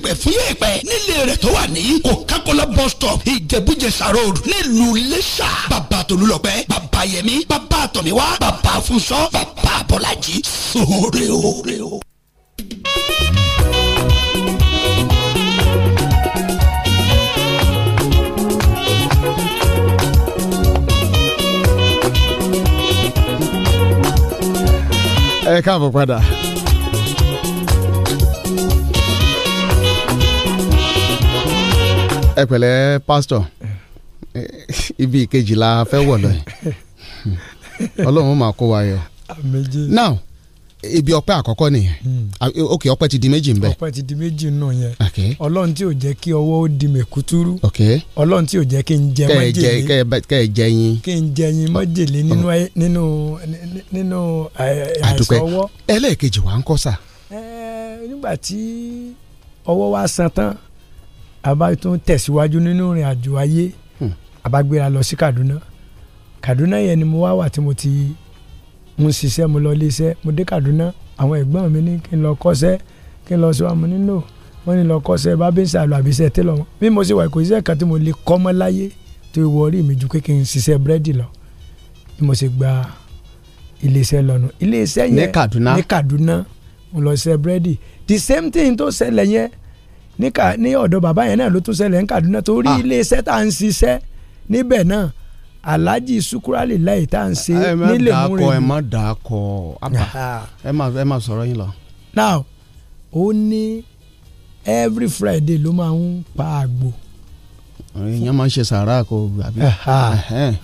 o. ẹ káàbọ̀ padà. ẹ pẹ̀lẹ́ pásítọ̀ eh, ibi ìkejì la fẹ́ wọ̀ lọ yìí ọlọ́run máa kó wa yọ. now ibi ọpẹ́ àkọ́kọ́ nìyẹn hmm. ok ọpẹ́ ti di méjì ń bẹ. ọpẹ́ ti di méjì nù yẹn Ọlọ́run tí ò jẹ́ kí ọwọ́ ó di mẹ̀kútúrú Ọlọ́run tí ò jẹ́ kí n jẹ májèlé kẹ ẹ jẹ yín kí n jẹ yín májèlé nínú nínú nínú àìsàn ọwọ́. ẹlẹ́ẹ̀kejì wa ń kọ́ sà. nígbà tí ọwọ́ wa san tán a bá tún tẹ̀síwájú nínú ìrìn àjò ayé hmm. a lọ sí Kaduna Kaduna yẹn ni mo wá wà tí mo ti mo ṣiṣẹ́ mo lọ iléeṣẹ́ mo dé Kaduna àwọn ẹ̀gbọ́n mi ní kí n lọ kọ́ṣẹ́ kí n lọ sí wa mo ní no lọ kọ́ṣẹ́ bá bí ń ṣàlù àbí iṣẹ́ tẹ́lọ̀ wọn bí mo ṣe wà kò iṣẹ́ kan tí mo lè kọ́ mọ́ láyé tó wọ orí mi ju kékeré ṣiṣẹ́ búrẹ́dì lọ bí mo ṣe gba iléeṣẹ́ lọ́nu iléeṣẹ́ yẹn ní Kaduna ní Kaduna mo lọ ṣe búrẹ́dì the same thing tó ṣẹlẹ̀ yẹn ní ọ̀dọ̀ bàbá yẹn náà ló tún ṣẹlẹ̀ ní Kaduna torí ah. iléeṣẹ́ tá à ń ṣiṣẹ́ níbẹ̀ náà alhaji sukurali láì tá à ń ṣe nílé múre ẹ má dà á kọ ẹ má ẹ má sọ̀rọ̀ yín lọ. now ó ní every friday ló máa ń pa àgbò. èèyàn máa ń ṣe sàárà kó àbí.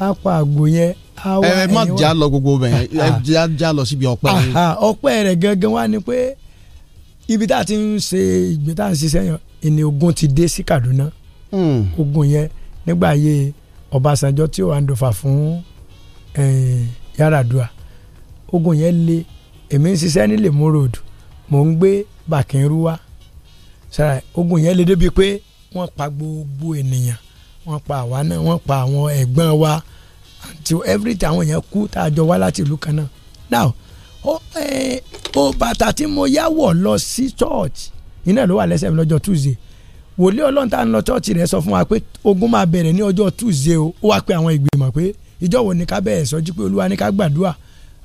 a pa àgbò yẹn àwa ẹ̀yìn wa ẹ má já lọ gbogbo bẹ́ẹ̀ ẹ já lọ síbi ọpẹ́ yẹn. ọpẹ́ rẹ̀ gangan wá ni pé ibi tá a ti ń ṣe ìgbé tá a ń ṣiṣẹ́ yẹn ìní ogun ti dé sí Kaduna hmm. ogun yẹn nígbà yẹn Ọbásanjọ́ tí ó wà ń dòfà fún Yar'Adua ogun yẹn le èmi ń ṣiṣẹ́ ní lèmú road mò ń gbé bàkínrúwá sára ogun yẹn le débi pé wọ́n pa gbogbo ènìyàn wọ́n pa àwa náà wọ́n pa àwọn ẹ̀gbọ́n wa àti everything àwọn yẹn kú tá a jọ wá láti ìlú kan náà now ó ó bàtà tí mo yá wọ̀ lọ sí church iná ló wà lẹ́sẹ̀ mi lọ́jọ́ Tuesday wòlíì ọlọ́run tá à ń lọ chọ́ọ̀chì rẹ̀ sọ fún wa pé ogun máa bẹ̀rẹ̀ ní ọjọ́ tuesday o ó wá pé àwọn ìgbìmọ̀ pé ìjọ wo ni ká bẹ̀rẹ̀ sọ́jú pé olúwa ní ká gbàdúrà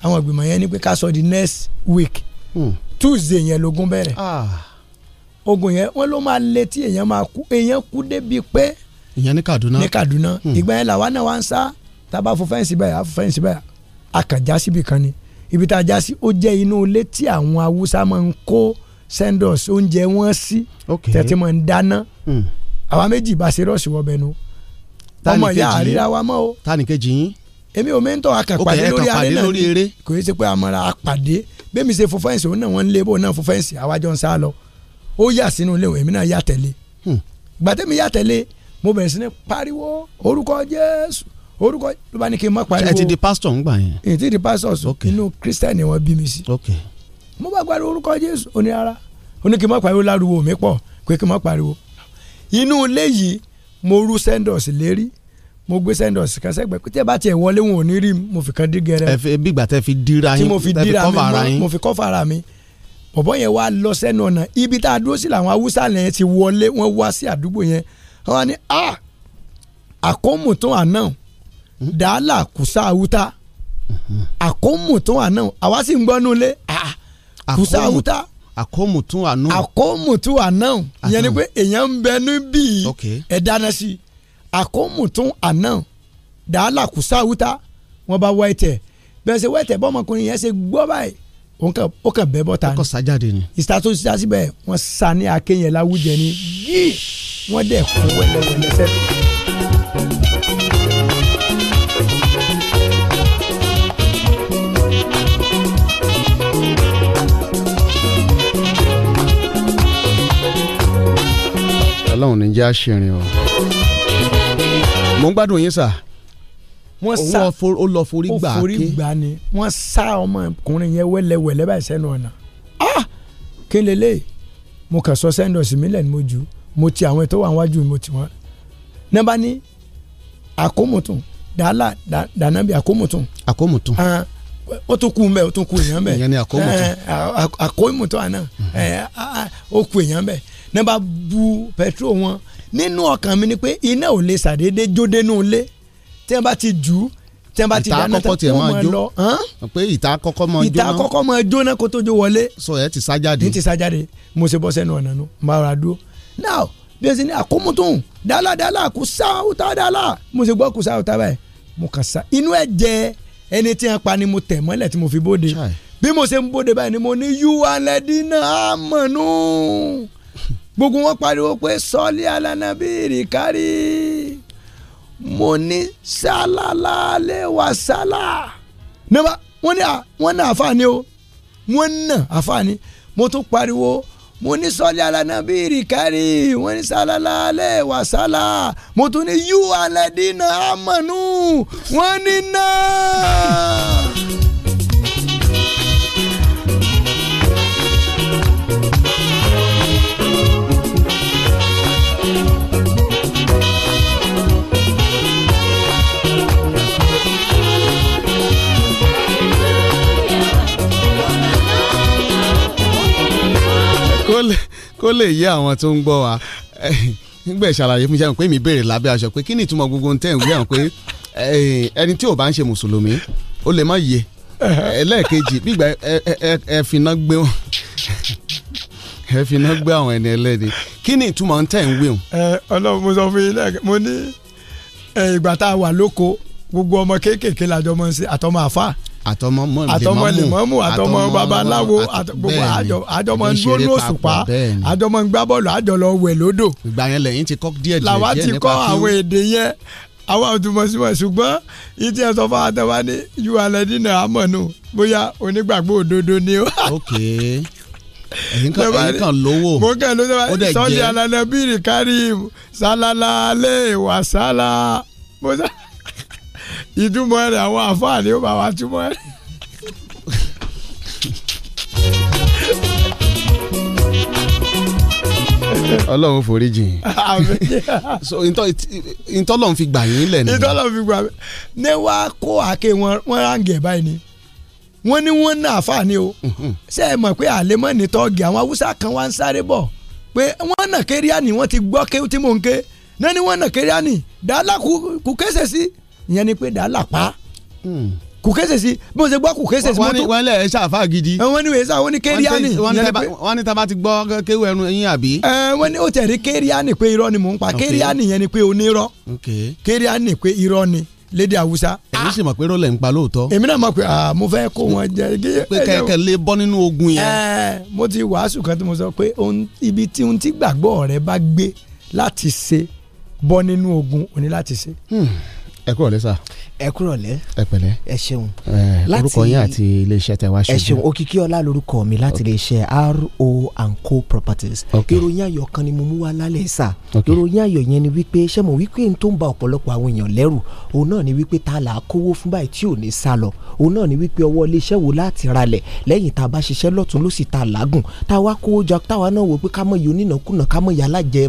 àwọn ìgbìmọ̀ yẹn ni pé ká sọ di next week hmm. tuesday yẹn logun bẹ̀rẹ̀ ah. ogun yẹn wọ́n ló máa lé tí èèyàn máa kú èèyàn kú débi pé. ní Kaduna ní Kaduna hmm. ìgbà yẹn làwa náà wá ń sá tábà fún fẹ́ǹsì báyà fún fẹ́ǹsì báyà a kàn já ni ibi tá a já ó jẹ́ inú ilé tí àwọn Haúsá máa ń kó sendus oúnjẹ wọn sí tẹ̀tí mọ̀ ń dáná hmm. àwa méjì bá ṣe rọ́ọ̀sì wọ bẹnu ọmọ ìyá àríra wa mọ́ o. tani kejì yín. èmi ò mẹ́ńtọ́ akàpàdé lórí aré náà ni kò yẹ ṣe pé àmọ́ra apàdé bẹ́ẹ̀mi ṣe fún fẹ́ǹsì òun náà wọ́n ń lé bóun náà fún fẹ́ǹsì àwájọ ń sá lọ ó yà sínú ilé èmi náà yà tẹ̀lé hmm. gbàtẹ́mi yà tẹ̀lé mo bẹ̀rẹ̀ sí ní pariwo orúkọ Jésù orúkọ ló bá ní kí n má pariwo. ẹ ti di pásítọ̀ ń gbà yẹn. èyí ti di pásítọ̀ sọ inú kírísítẹ́nì wọn bí mi sí mo bá pariwo orúkọ jésù ó ní rárá ó ní kí n má pariwo láruwo mi pọ̀ pé kí n má pariwo inú ilé yìí mo rú sendus lérí mo gbé sendus kan sẹ́gbẹ̀ẹ́ pé tí ẹ bá tiẹ̀ wọlé wọn ò ní rí mo fi kan dí gẹrẹ. ẹ fi bí ìgbà tẹ fi dira yín tẹ fi kọ́fà ara yín mo fi kọ́fà ara mi bọ̀bọ̀ yẹn wá lọ sẹ́nu ọ̀nà ibi tá a dúró sí làwọn haúsá yẹn ti wọlé wọn wá sí àdúgbò yẹn wọn ni a àkómùtún àná dàálà kùsà àwùtá àkómùtún àná àwa sì ń gbọ́nú lé a hùtàhùtà àkómùtún àná. àkómùtún àná ìyẹn ni pé èèyàn ń bẹ níbí ẹ̀dáná sí àkómùtún àná dàálà kùsàhùtà wọn bá wá ẹ̀tẹ̀ bẹ́ẹ̀ ṣe wá ẹ̀tẹ̀ bọ́mọkùnrin yẹn ṣe gbọ́ báyìí òun kàn ó kàn bẹ́ bọ́ta ni. ọkọ sájáde ni. ìsítà tó ṣiṣẹ́ síbẹ̀ wọ́n wújẹ ni yíì wọ́n dẹ̀ kú wẹ́lẹ́wẹ́lẹ́ sẹ́nu. ọlọ́run ní jẹ́ àṣìrìn o. mo ń gbádùn yín sà wọ́n sá ó lọ forí gbà ké ó forí gbà ni wọ́n sá ọmọkùnrin yẹn wẹ́lẹ́wẹ́lẹ́ báyìí sẹ́nu ọ̀nà ah kí lélẹ́yìí mo kàn sọ sẹ́ńdọ̀sì mi lẹ́nu mo jù mo ti àwọn tó wà wájú mo ti wọn. nọ́mbà ní àkómọ̀tún dàálà dànàbí àkómọ̀tún. àkómọ̀tún. Ah, ó tún kú mbẹ ó tún kú èèyàn mbẹ. ìyẹn ni àkómọ̀tún. Eh, eh, àkómọ̀tún àná mm-hmm. eh, ah, ah, ó kú èèyàn mbẹ ní bá bu pẹtrol wọn nínú ọkàn mi ni pé iná ò lè ṣàdédé jó dénú ilé tí wọ́n bá ti jù ú tí wọ́n bá ti dáná tó wọ́n máa lọ. ìta kọ́kọ́ máa jóná ìta kọ́kọ́ máa jóná kó tó jó wọlé. sọ ẹ ti sájáde. ní ti sájáde mo ṣe bọ́ sẹ́nu ọ̀nà nu mo bá ra dúró. now bí o ṣe ní àkómútùn dálá dálá kò sá òtá dálá mo ṣe gbọ́ kò sá òtá báyìí mo kàn sá inú ẹ̀ jẹ́ ẹni tí wọ́n pa ni mo tẹ̀ mọ́lẹ̀ tí mo fi bóde bí mo ṣe ń bóde báyìí ni mo ní yúwa lẹ́dínà á mọ̀ nù gbogbo wọn pariwo pé sọ́ọ́lì alana bíìrì kárí mo ní sálálá lẹ́wà sálá nígbà wọ́n ní wọ́n ná àfààní o wọ́n ná àfààní mo tún pariwo mo ní sọ́ọ́lì alana bíìrì kárí wọ́n ní sálálá lẹ́wà sálá mo tún ní yú aládìnnà àmọ́nú wọ́n ní náà. kó lè yé àwọn tó ń gbọ́ wa nígbà ìṣàlàyé fún iṣẹ́ mi pé mi béèrè lábẹ́ aṣọ pé kí ni ìtumọ̀ gbogbo ń tẹ̀ ń wí àwọn pé eh, ẹni tí ò bá ń ṣe mùsùlùmí ó lè má yé ẹlẹ́ẹ̀kejì gbígbà ẹ finá gbé wọn ẹ finá gbé àwọn ẹni ẹlẹ́ni kí ni ìtumọ̀ ń tẹ̀ ń wí wọn. Eh, mo sọ fún yín lẹ́ẹ̀kẹ́ mo ní eh, ìgbà tá a wà lóko gbogbo ọmọ kéékèèké làjọ mọ̀ sí àtọmọ àfa àtọmọ mọ̀mù àtọmọ lèmọ́mù àtọmọ babaláwo gbogbo àjọmọ ń dúró lóṣùpá àjọmọ ń gbá bọ́ọ̀lù àjọlọ wẹ̀ lódò. ìgbà yẹn lẹ́yìn ti kọ́ díẹ̀ díẹ̀ nípa kí làwa ti kọ́ àwọn èdè yẹn àwọn àtúmọ̀síwọ̀n ṣùgbọ́n yìí ẹ̀ sọ fún àtẹ̀wá ní ju alẹ́ dínà bóyá onígbàgbọ́ òdodo ni ó. ok ẹ̀yin kan lówó ó dẹ̀ jẹ́ ó dẹ̀ alalẹ́ bíi kárí sálálá lè ìdúmọ̀ rẹ̀ àwọn àfáà ni ó bá wa túmọ̀ rẹ̀. ọlọ́run forí jìn so ntọ́lọ́run fi gbà yín lẹ̀ ni. ntọ́lọ́run fi gbà mí ní wá kó àáké wọn wọn ráǹgẹ̀ báyìí ni wọ́n ní wọ́n ná àǹfààní o mhm. ṣé ẹ mọ̀ pé àlẹ́mọ̀ ní tọ́ọ̀gì àwọn haúsá kan wá ń sáré bọ̀ pé wọ́n nà kéré àní wọ́n ti gbọ́ kéwú tí mò ń ké náà ni wọ́n nà kéré àní dáadáa kù kù kéṣe sí. Si ìyẹn ni pé dàá làpá hmm. kùkẹ́sẹ̀ sí bí mo. ṣe gbọ́ kùkẹ́sẹ̀ sí mọ́tò. wọ́n lẹ̀ ẹ́ ṣàfà gidi. wọ́n ní wẹ́sà wọ́n ní kẹ́ríánì. wọ́n ní taba ti gbọ́ kéwù ẹnu yín àbí. wọ́n ní ó tẹ̀rí kẹ́ríánì pé irọ́ ni mò ń pa kẹ́ríánì yẹn ni pé onírọ́ kẹ́ríánì pé irọ́ ni lédè Haúsá. èmi sì mọ̀ pé rọ́lẹ̀ ń pa lóòótọ́. èmi náà mọ̀ pé mo fẹ́ kó wọn jẹ. pé kẹ̀kẹ́ lè bọ́ nínú ogun yẹn. mo ti wàásù kan tí mo sọ pé ibi tí ohun tí gbàgbọ́ rẹ bá gbé láti ṣe bọ́ nínú ogun òní láti ṣe. Hmm ẹ kúrò lẹ́sà. ẹ kúrò lẹ́. ẹ pẹ̀lẹ́. ẹ ṣeun. orúkọ yín àti iléeṣẹ́ tẹ wá ṣojú. ẹ ṣeun òkìkí ọlá lorúkọ mi láti iléeṣẹ́ ro and co properties. ok ìròyìn ayọ̀ kan ni mo mú wá lálẹ́ sà. ok ìròyìn ayọ̀ yẹn ni wípé ṣé mo wípé n tó ń ba ọ̀pọ̀lọpọ̀ àwọn èèyàn lẹ́rù òun náà ni wípé ta là á kówó fún báyìí tí ò ní sá lọ òun náà ni wípé ọwọ́ iléeṣẹ́ wo láti ralẹ̀ lẹ́yìn tá a bá ṣiṣẹ́ lọ́tún ló sì ta làágùn tá a wá kówó jọ táwa náà wò pé ká mọ̀ yìí onínàkúnà ká mọ̀ yàrá jẹ́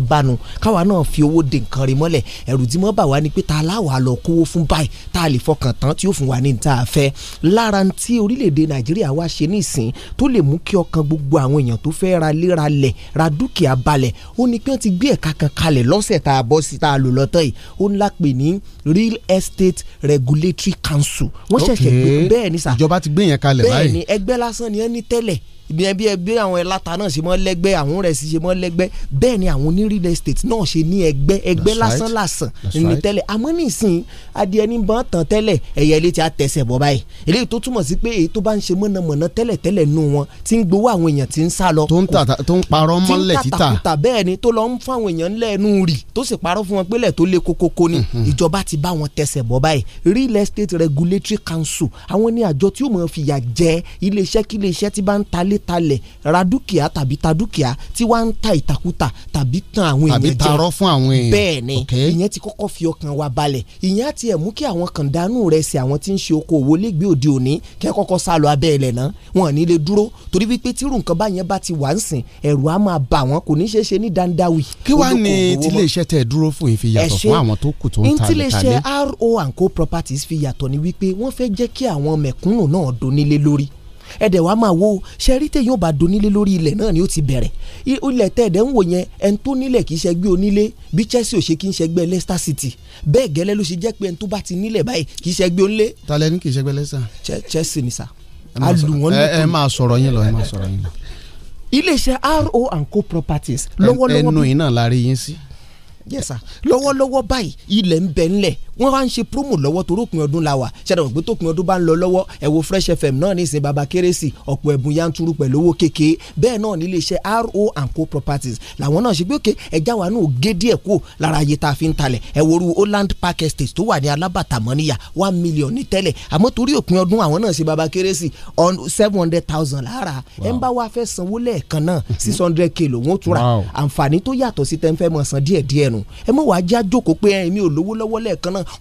káwa náà fi owó de nǹkan rí mọ́lẹ̀ ẹ̀rù tí mo bà wá ni pé ta láwàá lọ k kówó fún báyìí tá a lè fọkàn tán tí yóò fún wa ní níta àfẹ́ lára tí orílẹ̀-èdè nàìjíríà wá ṣe nísìn tó lè mú kí ọkàn gbogbo àwọn èèyàn tó fẹ́ ra lé ra lẹ̀ ra dúkìá balẹ̀ ó ní pé wọ́n ti gbé ẹ̀ka kan kalẹ̀ lọ́sẹ̀ tá a bọ́ sí tá a lò lọ́tọ̀ yìí ó ńlá pè ní real estate regulatory council wọ́n ṣẹ̀ṣẹ̀ gbé bẹ́ẹ̀ ni sà ìjọba ti gbé yẹn kalẹ̀ báyìí bẹ́ẹ̀ ni ẹgbẹ́ lásán ni wọ́n ní tẹ́lẹ̀ ibi ẹbí ẹbí àwọn ẹláta náà ṣe mọ́ lẹ́gbẹ́ àwọn rẹ̀ sì ṣe mọ́ lẹ́gbẹ́ bẹ́ẹ̀ ni àwọn ní real estate náà ṣe ní ẹgbẹ́ ẹgbẹ́ lásán lásán ní tẹ́lẹ̀ àmọ́ nísìn adìẹ ní bọ́n tán tẹ́lẹ̀ ẹ̀yẹ ilé ti àtẹ̀sẹ̀ bọ́ báyìí eléyìí tó túmọ̀ sí pé èyí tó bá ń ṣe mọ̀nàmọ̀nà tẹ́lẹ̀ tẹ́lẹ̀ nù wọn ti ń gbowó àwọn èèyàn ti ń sá lọ. tó ń parọ́ mọ́lẹ̀ títà tó ń fún àwọn èèyàn tó sì parọ́ fún mm-hmm. àwọn ní talẹ̀ ra dúkìá tàbí ta dúkìá tí wàá ń ta ìtakùtà tàbí tan àwọn èèyàn jẹ tàbí tarọ́ fún àwọn èèyàn bẹ́ẹ̀ ni ìyẹn ti kọ́kọ́ fi ọkàn wa balẹ̀ ìyẹn àti ẹ̀ mú kí àwọn kàndánù rẹ̀ sí àwọn tí ń ṣe okòwò lẹ́gbẹ́ òde òní kí wọ́n kọ́kọ́ sálọ abẹ́ ilẹ̀ náà wọn ò ní lè dúró torí wípé tírù nǹkan báyẹn bá ti wà ń sìn ẹ̀rù á máa bà wọ́n kò ní ṣeé ṣe ní dandawi. kí wàá ní tilé iṣẹ́ tẹ̀ dúró fún ìfiyàtọ̀ fún àwọn tó kù tó ń ta ilé kalẹ̀. ro and co properties fi yàtọ̀ ni wípé wọ́n fẹ́ jẹ́ kí àwọn mẹ̀kúnnù náà donílé lórí ẹ̀dẹ̀ wàá máa wo ṣe rí téèyàn bá donílé lórí ilẹ̀ náà ni ó ti bẹ̀rẹ̀ ilẹ̀ tẹ́ ẹ̀dẹ̀ ń wò yẹn ẹni tó nílẹ̀ kì í ṣẹgbẹ́ onílé bí Chelsea ò ṣe kì í ṣẹgbẹ́ Leicester City bẹ́ẹ̀ gẹ́lẹ́ ló ṣe jẹ́ pé ẹni tó bá ti nílẹ̀ báyìí kì í ṣẹgbẹ́ onílé. talẹ ni kì í ṣẹgbẹ́ Leicester. Chelsea ni sà. ẹ máa sọ̀rọ̀ yín lọ ẹ máa sọ̀rọ̀ yín lọ. iléeṣẹ́ RO and Co properties lọ́wọ́lọ́wọ́ ẹnu yìí náà la rí yín sí. yes sir lọ́wọ́lọ́wọ́ wọ́n wá ń ṣe promo lọ́wọ́ torópin ọdún la wà ṣàdàmọ̀ pé tópin ọdún bá ń lọ lọ́wọ́ ẹ wo Fresh FM náà ní ìsìn baba kérésì ọ̀pọ̀ ẹ̀bùn yanturu pẹ̀lú owó kéke bẹ́ẹ̀ náà ní iléeṣẹ́ RO and Co properties làwọn náà ṣe pé òkè ẹja wa náà gé díẹ̀ kó lára ayé tá a fi ń talẹ̀ ẹ wo ru Holland Park Estate tó wà ní alábàtà mọ́níyà one million ní tẹ́lẹ̀ àmọ́ torí òpin ọdún àwọn náà ṣe baba kérésì on seven hundred thousand lára ẹ̀ ń bá wa fẹ́ six hundred k lòun ó tura àǹfààní tó yàtọ̀ sí tẹ́ ń fẹ́ mọ̀ san díẹ̀díẹ̀ nù ẹ mọ̀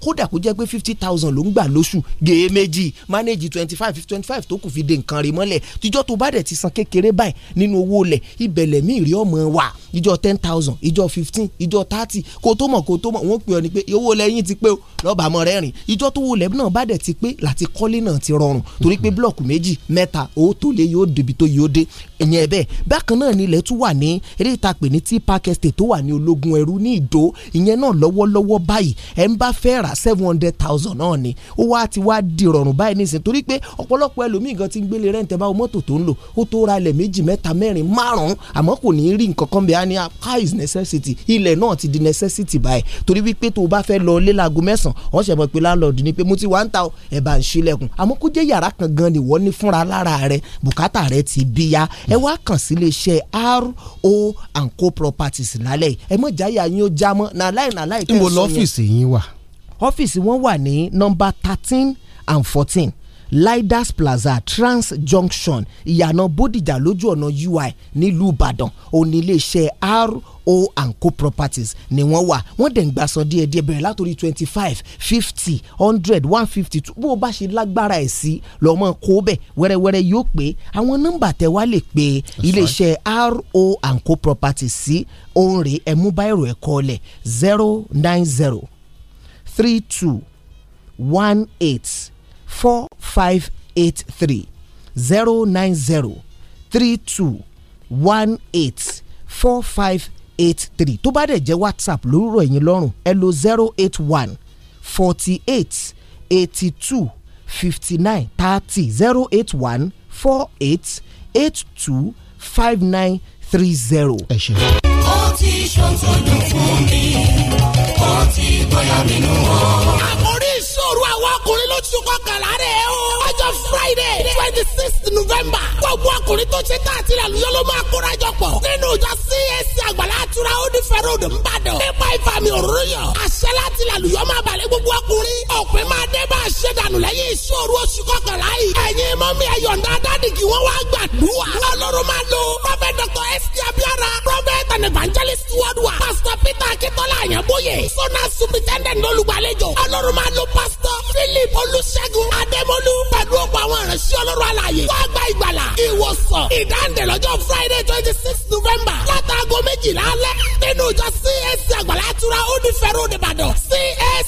kódà kó jẹ́ pé fifty thousand ló ń gbà lóṣù gèé méjì manage twenty five twenty five tó kù fi de nǹkan rè mọ́lẹ̀ tíjọ́ tó bá dẹ̀ ti san kékeré báyìí nínú owó lẹ̀ ibẹ̀lẹ̀ míì rí ọmọ wa ìjọ ten thousand ìjọ fifteen ìjọ thirty kó tó mọ̀ kó tó mọ̀ wọ́n pè ọ́ ni pé owó lẹ́yìn ti pé o lọ́ba àmọ́ rẹ̀ rìn ìjọ tó wọlé náà bá dẹ̀ ti pé láti kọ́lé náà ti rọrùn torí pé blọọkù méjì mẹ́ta owó tó lé yóò débi tó yóò dé ìyẹn bẹ́ẹ̀ bákan náà ni ilẹ̀ tún wà ní eré ìtàpè ní tí park estate tó wà ní ológun ẹrú ní ìdó ìyẹn náà lọ́wọ́lọ́wọ́ báyìí ẹ̀ ń bá fẹ́ rà seven hundred thousand náà ni ó wá ti wá di rọrùn báyìí nísìnyí torí pé ọ̀pọ̀lọpọ̀ ẹlòmíì gan ti ń gbélé rẹ́ǹtẹ̀ báwo mọ́tò tó ń lò ó tó ra ilẹ̀ méjì mẹ́ta mẹ́rin márùn-ún àmọ́ kò ní í rí nǹkan kan bí á ní ah, car is necessity ilẹ̀ náà ti di necessity báyìí torí wípé tó o bá fẹ́ lọ lé laago mẹ́sàn-án wọ́n ṣẹ̀mọ̀ pé láńlọ́ọ̀dù ni pé mo ti wá ń ta ẹ̀ bá ń ṣílẹ̀kùn àmọ́ kó jẹ́ yàrá kan gan ni wọ́n ní fúnra lára rẹ̀ bùkátà rẹ̀ ti bíya ẹ wá kàn sí iléeṣẹ́ ro and co properties lálẹ́ ẹ mọ̀ jáyà yín ó já mọ́ nàláì nàláì tẹ̀sán yẹn. níbo lọ́fíìsì yín wà. ọ́fíìsì wọn wà ní nọ́mbà thirteen and fourteen Lidas Plaza Trans Junction ìyànà Bódìjà lójú ọ̀nà UI nílùú Ìbàdàn òní R O and Co properties ni wọ́n wà wọ́n dẹ̀ ń gbà sọ díẹ̀ díẹ̀ bẹ̀rẹ̀ látòrí twenty five fifty hundred one fifty two bó o bá ṣe lágbára ẹ̀ sí lọ́mọ kó bẹ̀ wẹ́rẹ́wẹ́rẹ́ yóò pé àwọn nọ́mbà tẹ wá lè pe iléeṣẹ́ RO and Co properties sí ohun rè é mú báyìí rò ẹ̀ kọ́ ọ̀lẹ̀ zero nine zero three two one eight four five eight three zero nine zero three two one eight four five eight three tó bá dẹ̀ jẹ́ whatsapp lórúkọ ẹ̀yìn lọ́rùn ẹ lo zero eight one forty eight eighty two fifty nine thirty zero eight one four eight eight two five nine three zero. ẹ ṣe. ó ti ṣòṣòdò fún mi ó ti bọ́yà mi nù ọ́. àmórí òru àwọn ọkùnrin lóṣù kọkànlá rẹ̀ o. ọjọ́ friday twenty sixth november gbogbo ọkùnrin tó ṣe káàkiri àlùyọ ló máa kóra pọ̀ nínú ìjọ csc àgbàlá àtúrà onífẹ̀rẹ̀ odò ńbàdàn nípa ìfàmì òróró àṣẹ láti làlùyọ máa bàlẹ̀ gbogbo ọkùnrin òpin máa dé bá a ṣe dànù lẹ́yìn ìṣòro oṣù kọkànlá yìí ẹ̀yin mọ́mí ẹ̀yọ̀ǹda dáàdì kí wọ́n wá gbàdúrà ọlọ́run máa lo pastor pásítọ̀ philip olùṣègùn adémọlú pẹ̀lú ọ̀pọ̀ àwọn ìránṣẹ́ ọlọ́run àlàyé wọ́n gba ìgbàlà ìwòsàn ìdáǹdè lọ́jọ́ friday twenty six november látàgọ́ méjìlá alẹ́ nínú ìjọ csc àgbàlá àtúrà ó ní fẹ́ràn òdìbàdàn csc